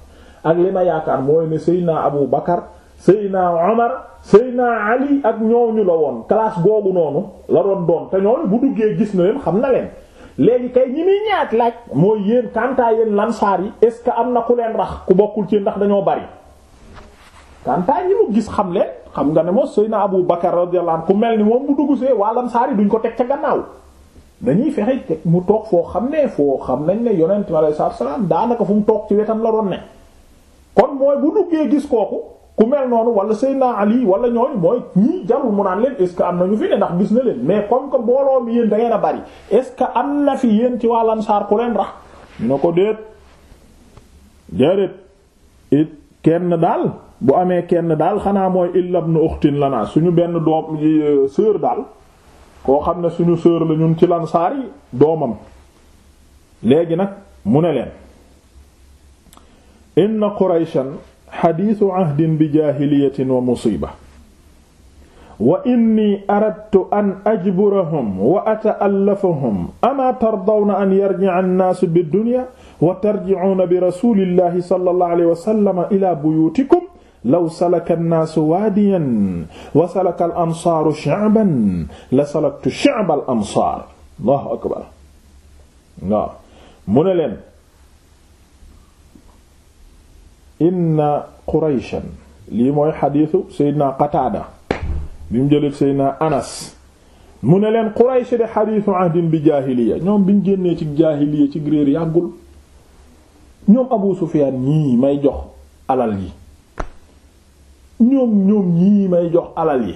ak li ma yaakaar mooy ne na Abu Bakar Seydina Omar Seydina Ali ak ñooñu la woon classe googu noonu la doon doon te ñooñu bu duggee gis na leen xam na leen léegi kay ñi muy ñaat laaj mooy yéen kantaa yéen lansaar yi est ce am na ku leen rax ku bokkul ci ndax dañoo bari kantaa ñi mu gis xam leen xam nga ne moo Seydina Abu Bakar radiyallahu anhu ku mel ni moom mu dugg see waa lansaar duñ ko teg ca gannaaw dañuy fexe teg mu toog foo xam ne foo xam nañ ne yonent bi alayhi salaatu daanaka fu mu toog ci wetam la kon mooy bu duggee gis kooku ku mel noonu wala Seydina Ali wala ñooñu mooy ñii jarul mu naan leen est ce que am na ñu fi ne ndax gis na leen mais comme que mbooloo mi yéen da ngeen a bari est ce que am na fi yéen ci wàllan saar ku leen rax ñu ko déet déedéet it kenn daal bu amee kenn daal xanaa mooy illa ibn ukhtin lana suñu benn doom euh, sœur daal koo xam ne suñu sœur la ñun ci lan saar yi doomam léegi nag mu ne leen inna qurayshan xadiisu ahdin bi jaahiliyatin wa musiiba wa inni aradtu an ajburahum wa ata'allafahum amaa tardawna an yarji'a an-naasu bid-dunya wa tarji'uuna bi rasuulillahi sallallahu alayhi wa sallam ilaa buyuutikum law salaka an-naasu waadiyan wa salaka al-ansaaru sha'ban la salaktu sha'ba al-ansaar Allahu akbar waaw mu ne leen inna qurayshan lii mooy xadiisu seydina qataada bi mu jëlee seydina anas mu ne leen quraysh de xadiisu ahdin bi jaahiliya ñoom biñ génnee ci jaahiliya ci réer yàggul ñoom abu sufiyaan ñii may jox alal yi ñoom ñoom ñii may jox alal yi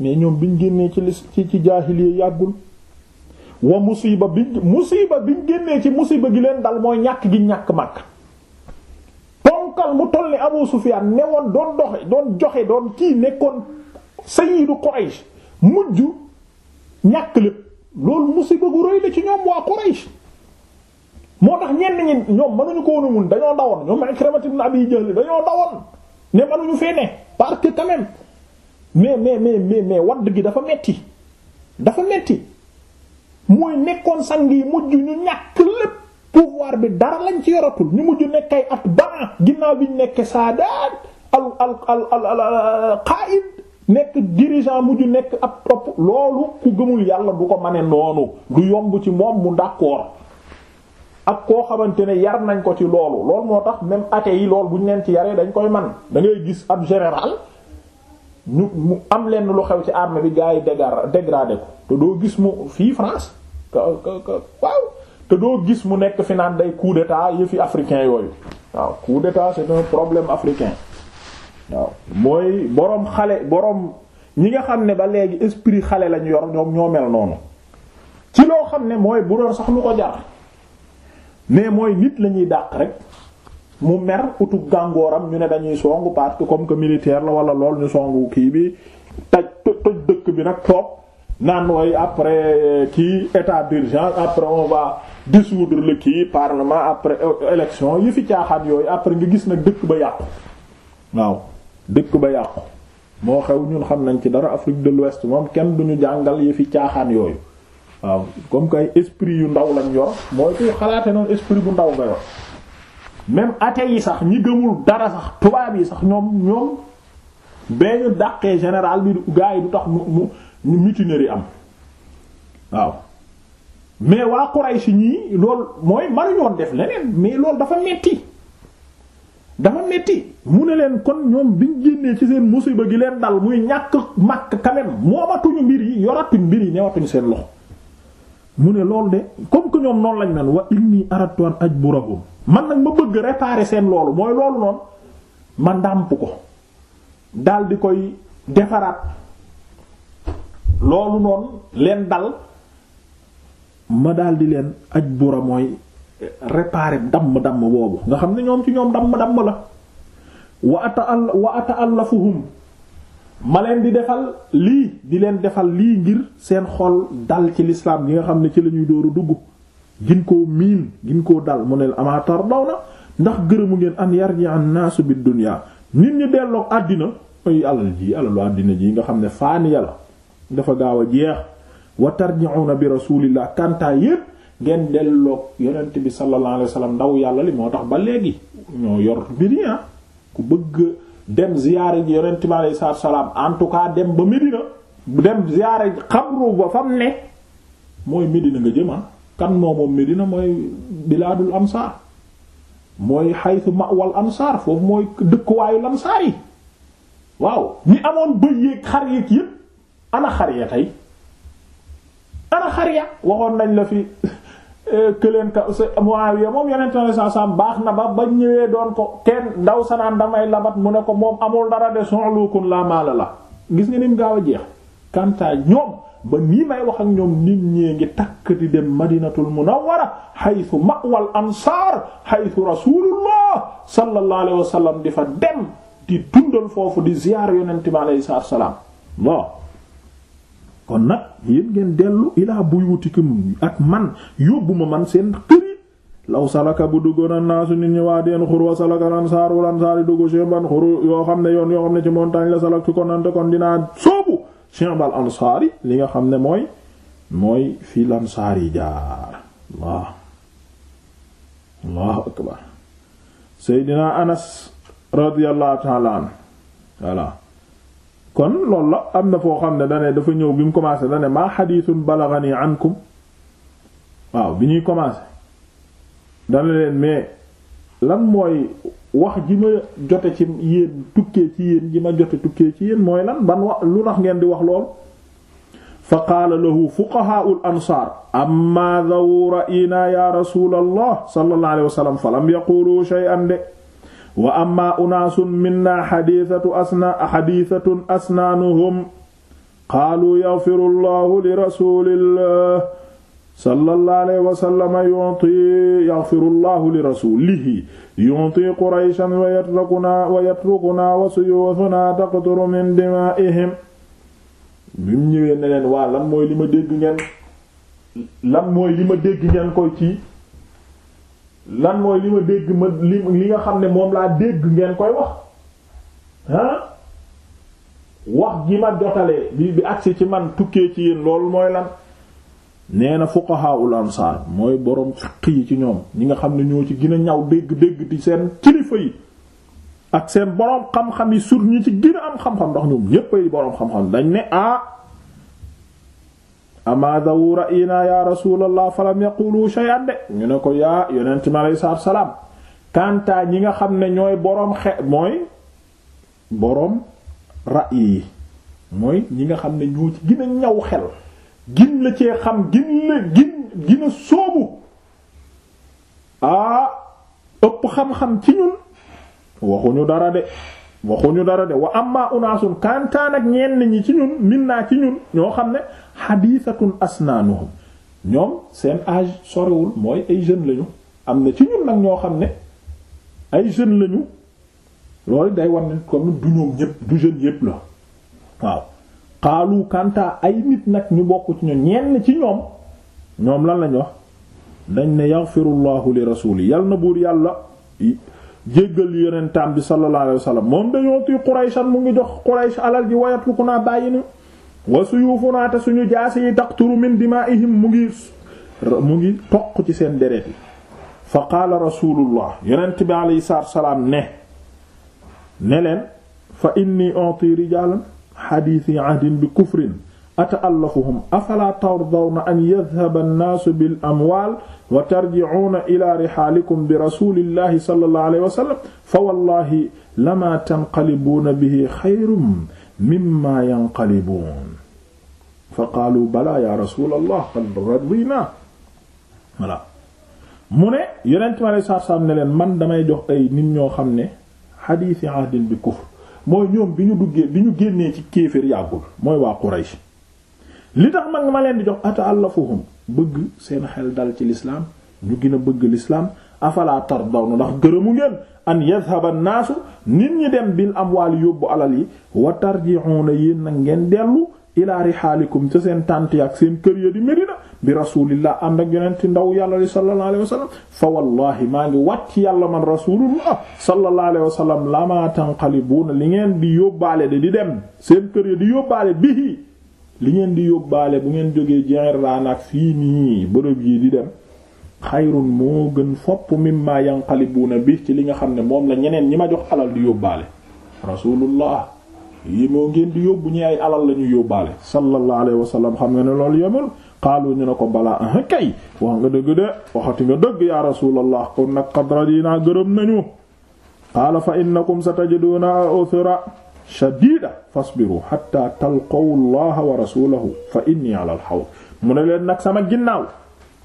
mais ñoom biñ génnee ci lis ci ci jaahiliya yàggul wa bi biñ musiba biñ génnee ci musiba gi leen dal mooy ñàkk gi ñàkk mag ponkal mu toll ni Abu Sufyaan newoon doon doxe doon joxe doon kii nekkoon sayyidu Quraysh mujj ñàkk lépp loolu musiba ko rëy ci ñoom waa Quraysh moo tax ñenn ñi ñoom mënuñu ko woon mun dañoo dawoon ñoom Ikrimat ibn Abi Jahl dañoo dawoon ne mënuñu fee ne parce que quand même mais mais mais mais mais wadd gi dafa metti dafa metti mooy nekkoon sang yi mujj ñu ñàkk lépp pouvoir bi dara lañ ci yoratul ñu mujj nekk ay atbaa ginnaaw bi ñu nekk saadaat al al al al qaa'id nekk dirigeant mujj nekk ab topp loolu ku gëmul yàlla du ko mane noonu du yomb ci moom mu d'accord ak koo xamante ne yar nañ ko ci loolu loolu moo tax même athée yi loolu bu ñu leen ci yaree dañ koy man da ngay gis ab général ñu mu am lenn lu xew ci armée bi gars yi dégar dégradé ko te doo gis mu fii France waaw te doo gis mu nekk fi naan day coup d'état yëfi africain yooyu waaw coup d'état c'est un problème africain waaw mooy boroom xale boroom ñi nga xam ne ba léegi esprit xale lañu yor ñoom ñoo mel noonu ci loo xam ne mooy bu doon sax lu ko jar mais mooy nit lañuy dàq rek mu mer utu gàngooram ñu ne dañuy songu parce que comme que militaire la wala lool ñu songu kii bi taj toj dëkk bi nag toog naan way après euh, kii état d'urgence après on va dissoudre le kii parlement après euh, élection yi fi caaxaan yooyu après nga gis nag dëkk ba yàqu waaw dëkk ba yàqu moo xew ñun xam nañ ci dara Afrique de l'Ouest moom kenn ñu jàngal yi fi caaxaan yooyu waaw comme que ay esprit yu ndaw lañ yor mooy kuy xalaate noonu esprit bu ndaw nga yor même athées yi sax ñi gëmul dara sax tubaab yi sax ñoom ñoom bee ñu dàqee général bi gaa yi du tax mu mu ñu mutinerie am waaw mais waa Quraysh ñii lool mooy maruñoon def leneen mais loolu dafa metti dafa metti mu ne leen kon ñoom biñ génnee ci seen musiba gi leen dal muy ñàkk màkk quand même moomatuñu mbir yi yoratuñ mbir yi newatuñu seen loxo mu ne loolu de comme que ñoom noonu lañ mel wa inni aradtu an ajburahum man nag ma bëgg réparer seen loolu mooy loolu noon ma ndàmp ko dal di koy defaraat loolu noonu leen dal ma daal di leen aj bura mooy réparer damm-damm boobu nga xam ne ñoom ci ñoom damm-damm la wa ata al wa ata allafuhum ma leen di defal lii di leen defal lii ngir seen xol dal ci lislaam gi nga xam ne ci lañuy ñuy dóoru dugg gin koo miin gin koo dal mu ne amaatar daw na ndax gërëmu ngeen am yarji an naasu bid dunya nit ñi delloog àddina ay alal ji alalu àddina ji nga xam ne faani yàlla dafa gaaw a jeex wa tarji'una bi rasulillah kantaa yépp ngeen delloog yonent bi sallallahu alayhi wasallam ndaw yàlla li moo tax ba léegi ñoo yor mbiri ah ku bëgg dem ziyaare ji yonent bi alayhi salaam en tout cas dem ba Medina dem ziyaare xabru ba fam ne mooy Medina nga jëma ah. kan moo moom Medina mooy bilaadul ansaar mooy xaytu mawal ansaar foofu mooy dëkkuwaayu ansaar yi waaw ñi amoon bëy yéeg xar yéeg yépp ana xariya tey ana xariya waxoon nañ la fi këleen euh, ka Muawiya moom yonent na saa baax na ba ba ñëwee doon ko kenn ndaw sanaan damay labat mu ne ko moom amul dara de sonluukun laa maala la gis nga nim gaaw a jeex kantaa ñoom ba nii may wax ak ñoom nit ñee ngi takk di dem madinatul munawwara haythu ma'wal ansaar haythu rasulullah sallallahu alayhi foofu di ziyaar yonent bi kon nag yéen ngeen dellu ilaa buyutikum ak man yóbbu ma man seen këri law salaka bu duggoon a naasu nit ñi waa deen xur wa salaka lan saar walan saari dugg chimban xur yoo xam ne yoon yoo xam ne ci montagne la salak ci konante kon dinaa soobu chimbal ansaari li nga xam ne mooy mooy fii lan yi jaar waaw allahu akbar seydina anas radiyallahu ta'ala an voilà kon loolu la am na foo xam ne dane dafa ñëw bi mu commencé dane maa xadiisun balaghani ankum waaw bi ñuy commencé dana leen mais lan mooy wax ji ma jote ci yéen tukkee ci yéen ji ma jote tukkee ci yéen mooy lan ban lu tax ngeen di wax lool fa qaala lahu fuqahaa'ul ansaar amma dhaw naa ya rasul allah la alayhi wa sallam falam yaqulu shay'an de wa amma unaasun minna xadiisatu asna xadiisatun asnaanuhum qaalu yaghfiru llahu li rasulillah sallallahu alayhi wa sallam yu'ti yaghfiru llahu li rasulihi yu'ti qurayshan wa yatrukuna wa yatrukuna wa suyuuthuna taqturu min dimaa'ihim bi mu ñëwee ne leen waa lan mooy li ma dégg ngeen lan mooy li ma dégg ngeen ko ci lan mooy li ma dégg ma li li nga xam ne moom laa dégg ngeen koy wax ah wax gi ma jotalee bi bi agsi ci man tukkee ci yéen loolu mooy lan nee na fuqaha ul mooy boroom fiq yi ci ñoom ñi nga xam ne ñoo ci gin a ñaw dégg-dégg di seen kilifa yi ak seen boroom xam-xam yi sur ñi ci gën a am xam-xam ndax ñoom ñépp ay boroom xam-xam dañ ne ah amaa dawu ra'yinaa yaa rasuulallah falam yaqulu shay'an de ñu ne ko yaa yonent mi alayhi salaatu salaam kantaa ñi nga xam ne ñooy boroom xe mooy boroom ra'yi yi mooy ñi nga xam ne ñoo ci gën ñaw xel gin la cee xam gin la gin aa ëpp xam-xam ci ñun waxuñu dara de waxuñu dara de wa amma unaasun kantaan ak ñenn ñi ci ñun min naa ci ñun ñoo xam ne xadiisatun asnaanuhum ñoom seen âge sorewul mooy ay jeunes lañu am na ci ñun nag ñoo xam ne ay jeunes lañu loolu day war ne comme du ñoom ñépp du jeune yépp la waaw xaalu kanta ay nit nag ñu bokk ci ñun ñenn ci ñoom ñoom lan lañ wax dañ ne yaxfirullahu li rasuuli yal na buur yàlla jéggal yonentam bi sallallahu alayhi wasallam moom dañoo tuy Qurayshan mu ngi jox Quraysh alal ji wayatlu ku naa bàyyi na wa suyufunaa suñu jaase yi taqturu min dimaa'ihim mu ngi mu ngi toq ci seen deret yi fa qaala rasulullah yonent bi alayhi salaam ne ne leen fa inni uti rijaalan xadiisi ahdin bi kufrin ata'allafuhum afalaa tardawna an yadhhaba an-naasu bil amwaal wa tarji'uuna ila rihaalikum bi rasulillahi sallallahu alayhi wa sallam fa wallahi lama tanqalibuuna bihi xayrun mimma yanqalibuun fa qaalu bala ya rasulallah qad radina mu ne yonent mi alei satu salaam ne leen man damay jox ay nit ñoo xam ne xadiisi ahdin bi kufr mooy ñoom bi ñu duggee bi ñu génnee ci kéefér yàggul mooy waa Quraysh li tax mag ma leen di jox ata'allafuhum bëgg seen xel dal ci lislaam ñu gën a bëgg lislaam afala tardaw na ndax gërëmu ngeen an yadhhaba naasu nit ñi dem bil amwaal yóbbu alal yi wa tarji'una yéen nag ngeen dellu ila rihaalikum ca seen tànt yi ak seen kër ya di Medina bi rasulillah ànd ak ti ndaw yàlla li sallallahu alayhi wa sallam fa wallahi maa ngi wàcc yàlla man rasulullah sallallahu alayhi wa sallam lama tanqalibuuna li ngeen di yóbbaale de di dem seen kër ya di yóbbaale bihi li ngeen di yóbbaale bu ngeen jógee Ji'irraana ak fii nii bërëb yi di dem xayrun moo gën fopp mimma yanqalibuuna bi ci li nga xam ne moom la ñeneen ñi ma jox alal di yóbbaale rasulullah yi moo ngeen di yóbbu ñi ay alal la ñu yóbbaale sallallahu alayhi wa xam nga ne lool yemul xaalu ñu ne ko balaa ah kay wax nga dëgg de waxati nga dëgg ya rasulallah kon nag xadra dinaa gërëm nañu xaala fa innakum satajiduuna uthra shadida fasbiru hatta talqaw allaha wa rasulahu fa inni ala al mu ne leen nag sama ginnaaw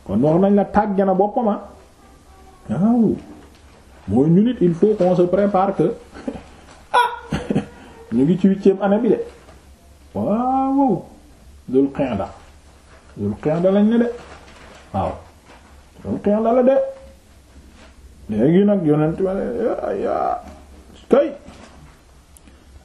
kon wax nañ la tàgge na boppama ah. waaw mooy ñu nit il faut qu'on se prépare que [laughs] ah [laughs] ñu ngi ci huitième année de waaw dul qinda dul qinda lañ ne de waaw dul qinda la de léegi nag yonent ma ne yaa kay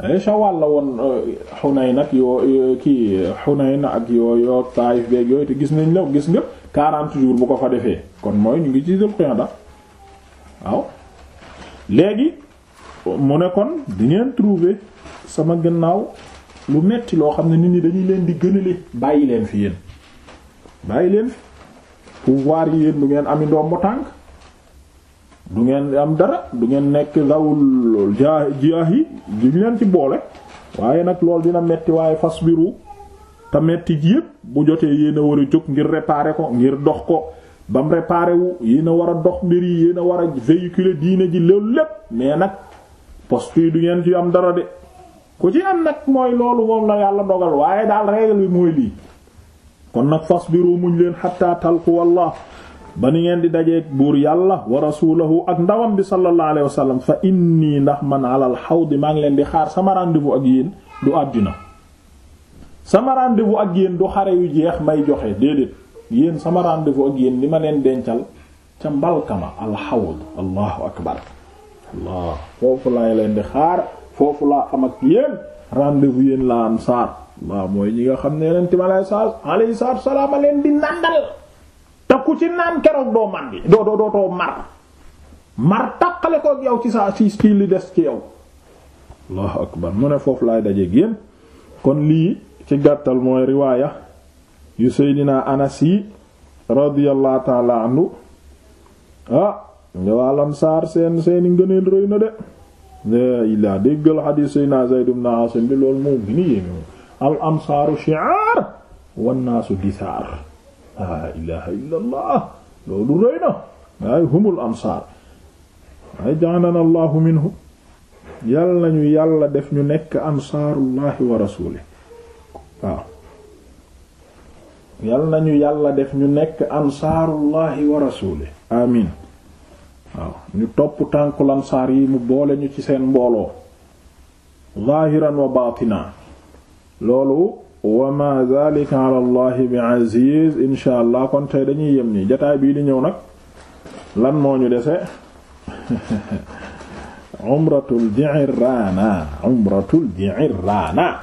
Eh, Shawwal la woon eh, Hunayn nag yoo eh, kii Hunayn ak yoo yoo Taayif beeg yooyu te gis nañ la gis nga 40 jours bu ko fa defee kon mooy ñu ngi ci Dul Qiyada waaw léegi mu ne kon di ngeen trouver sama gannaaw lu metti loo xam ne nit ñi dañuy leen di gënale bàyyi leen fi yéen bàyyi leen fi pouvoir yi yéen du ngeen ami ndoom ba tànk du ngeen am dara du ngeen nekk lawul jaa jiyaah yi duñ leen ci boole waaye nag loolu dina metti waaye fas biru te metti ji yëpp bu jotee yéen a war a jóg ngir réparer ko ngir dox ko ba mu réparer wu yéen a war a dox mbir yi yéen a war a véhiculer diine ji loolu lépp mais nag poste yi du ngeen ci am dara de ku ci am nag mooy loolu moom na yàlla dogal waaye daal règle bi mooy lii kon nag fas biru muñ leen xatta talku wallah ba ni ngeen di dajeek buur yàlla wa rasulahu ak ndawam bi sallallahu alayhi wa sallam fa inni ndax man alal xawdi maa ngi leen di xaar sama rendez-vous ak yéen du àddina sama rendez-vous ak yéen du xare yu jeex may joxe déedéet yéen sama rendez-vous ak yéen li ma leen dencal ca mbalkama alxawd allahu akbar allah foofu laay leen di xaar foofu laa am ak yéen rendez-vous yéen laa am saar waaw mooy ñi nga xam ne leen timalay sa alayhi salaatu wa salaam leen di nàndal te ci naan keroog doo man bi doo doo doo mar mar taqale koog yow ci saa si ci li des ci yow allahu akbar mu ne foofu lay daje génn kon lii ci gàttal mooy riwaaya yu seydinaa anas yi radiyallahu taala anhu ah nga waalam saar seen seeni ngëneel rëy na de ilaa déggal xadiis seydinaa zayd ibn asim bi loolu moo gini yéeme al ansaaru shi'ar wan naasu disaar laa ilaha illa allah loolu rëy na waay humul ansaar waay ja'alana allahu minhum yàlla nañu yàlla def ñu nekk ansaarullahi wa rasulih waaw yàlla nañu yàlla def ñu nekk ansaarullahi wa rasulih amin waaw ñu topp tànkul ansaar yi mu boole ñu ci seen mbooloo zahiran wa batina loolu wa ma dhalika bi aziz insha allah kon tey dañuy yem nii jataay bii di ñëw nag lan moo ñu dese [laughs] umratul ji'rana umratul ji'rana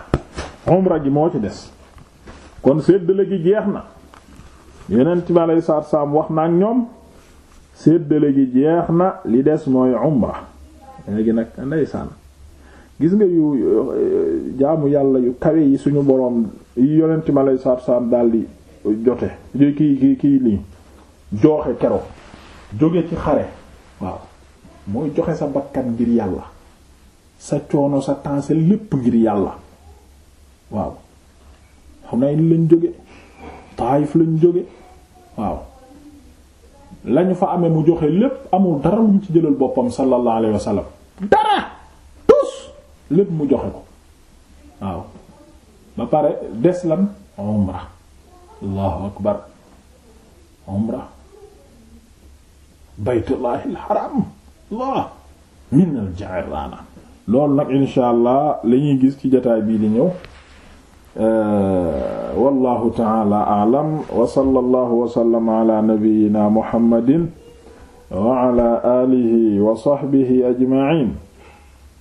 umra ji moo ci des kon séddale gi jeex na yeneen ci lay saar saam wax na ñoom séddale gi jeex na li des mooy umra léegi nag ndeysaan gis nga yu jaamu yàlla yu kawe yi suñu boroom yi yonent ma lay saab saab di jote ki ki kii lii jooxe kero jóge ci xare waaw mooy joxe sa bakkan ngir yàlla sa coono sa temps sa lépp ngir yàlla waaw Hunayn lañ jóge Taayif lañ jóge waaw lañu fa amee mu joxe lépp amul dara lu mu ci jëlal boppam sallallahu alayhi wa dara lépp mu joxe ko waaw ba pare des lan umra akbar umra baytullahil allah min al ja'rana loolu nag insha allah la gis ci jataay bii di ñëw euh, wallahu ta'ala a'lam wa sallallahu wa sallama ala nabiyyina muhammadin wa ala